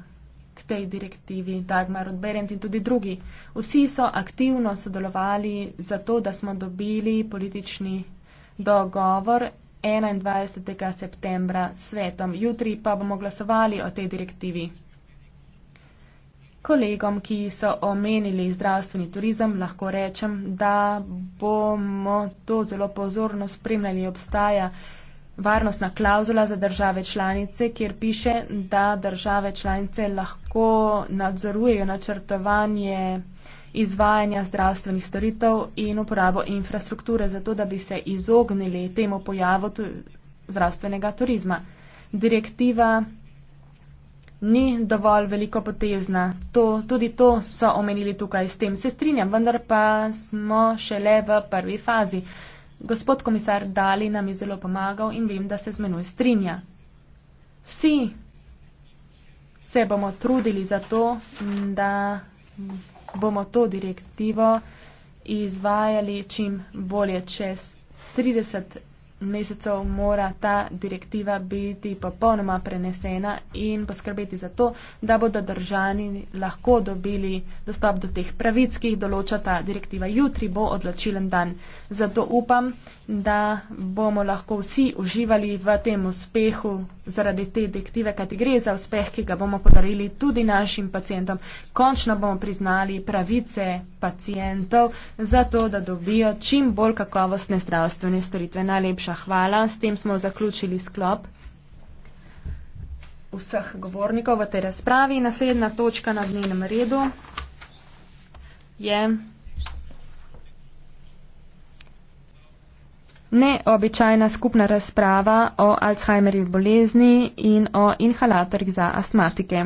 k tej direktivi Dagmar Odberend in tudi drugi. Vsi so aktivno sodelovali za to, da smo dobili politični dogovor 21. septembra s svetom. Jutri pa bomo glasovali o tej direktivi. Kolegom, ki so omenili zdravstveni turizem, lahko rečem, da bomo to zelo pozorno spremljali. Obstaja varnostna klauzula za države članice, kjer piše, da države članice lahko nadzorujejo načrtovanje izvajanja zdravstvenih storitev in uporabo infrastrukture, zato da bi se izognili temu pojavu zdravstvenega turizma. Direktiva ni dovolj veliko potezna. To, tudi to so omenili tukaj. S tem se strinjam, vendar pa smo šele v prvi fazi. Gospod komisar Dali nam je zelo pomagal in vem, da se z menoj strinja. Vsi se bomo trudili za to, da bomo to direktivo izvajali čim bolje čez 30 let mesecev mora ta direktiva biti popolnoma prenesena in poskrbeti za to, da bodo državljani lahko dobili dostop do teh pravic, ki jih določa ta direktiva. Jutri bo odločilen dan. Zato upam, da bomo lahko vsi uživali v tem uspehu zaradi te dektive, kajti gre za uspeh, ki ga bomo podarili tudi našim pacijentom. Končno bomo priznali pravice pacijentov za to, da dobijo čim bolj kakovostne zdravstvene storitve. Najlepša hvala. S tem smo zaključili sklop vseh govornikov v tej razpravi. Naslednja točka na dnevnem redu je. neobičajna skupna razprava o Alzheimerjevi bolezni in o inhalatorjih za astmatike.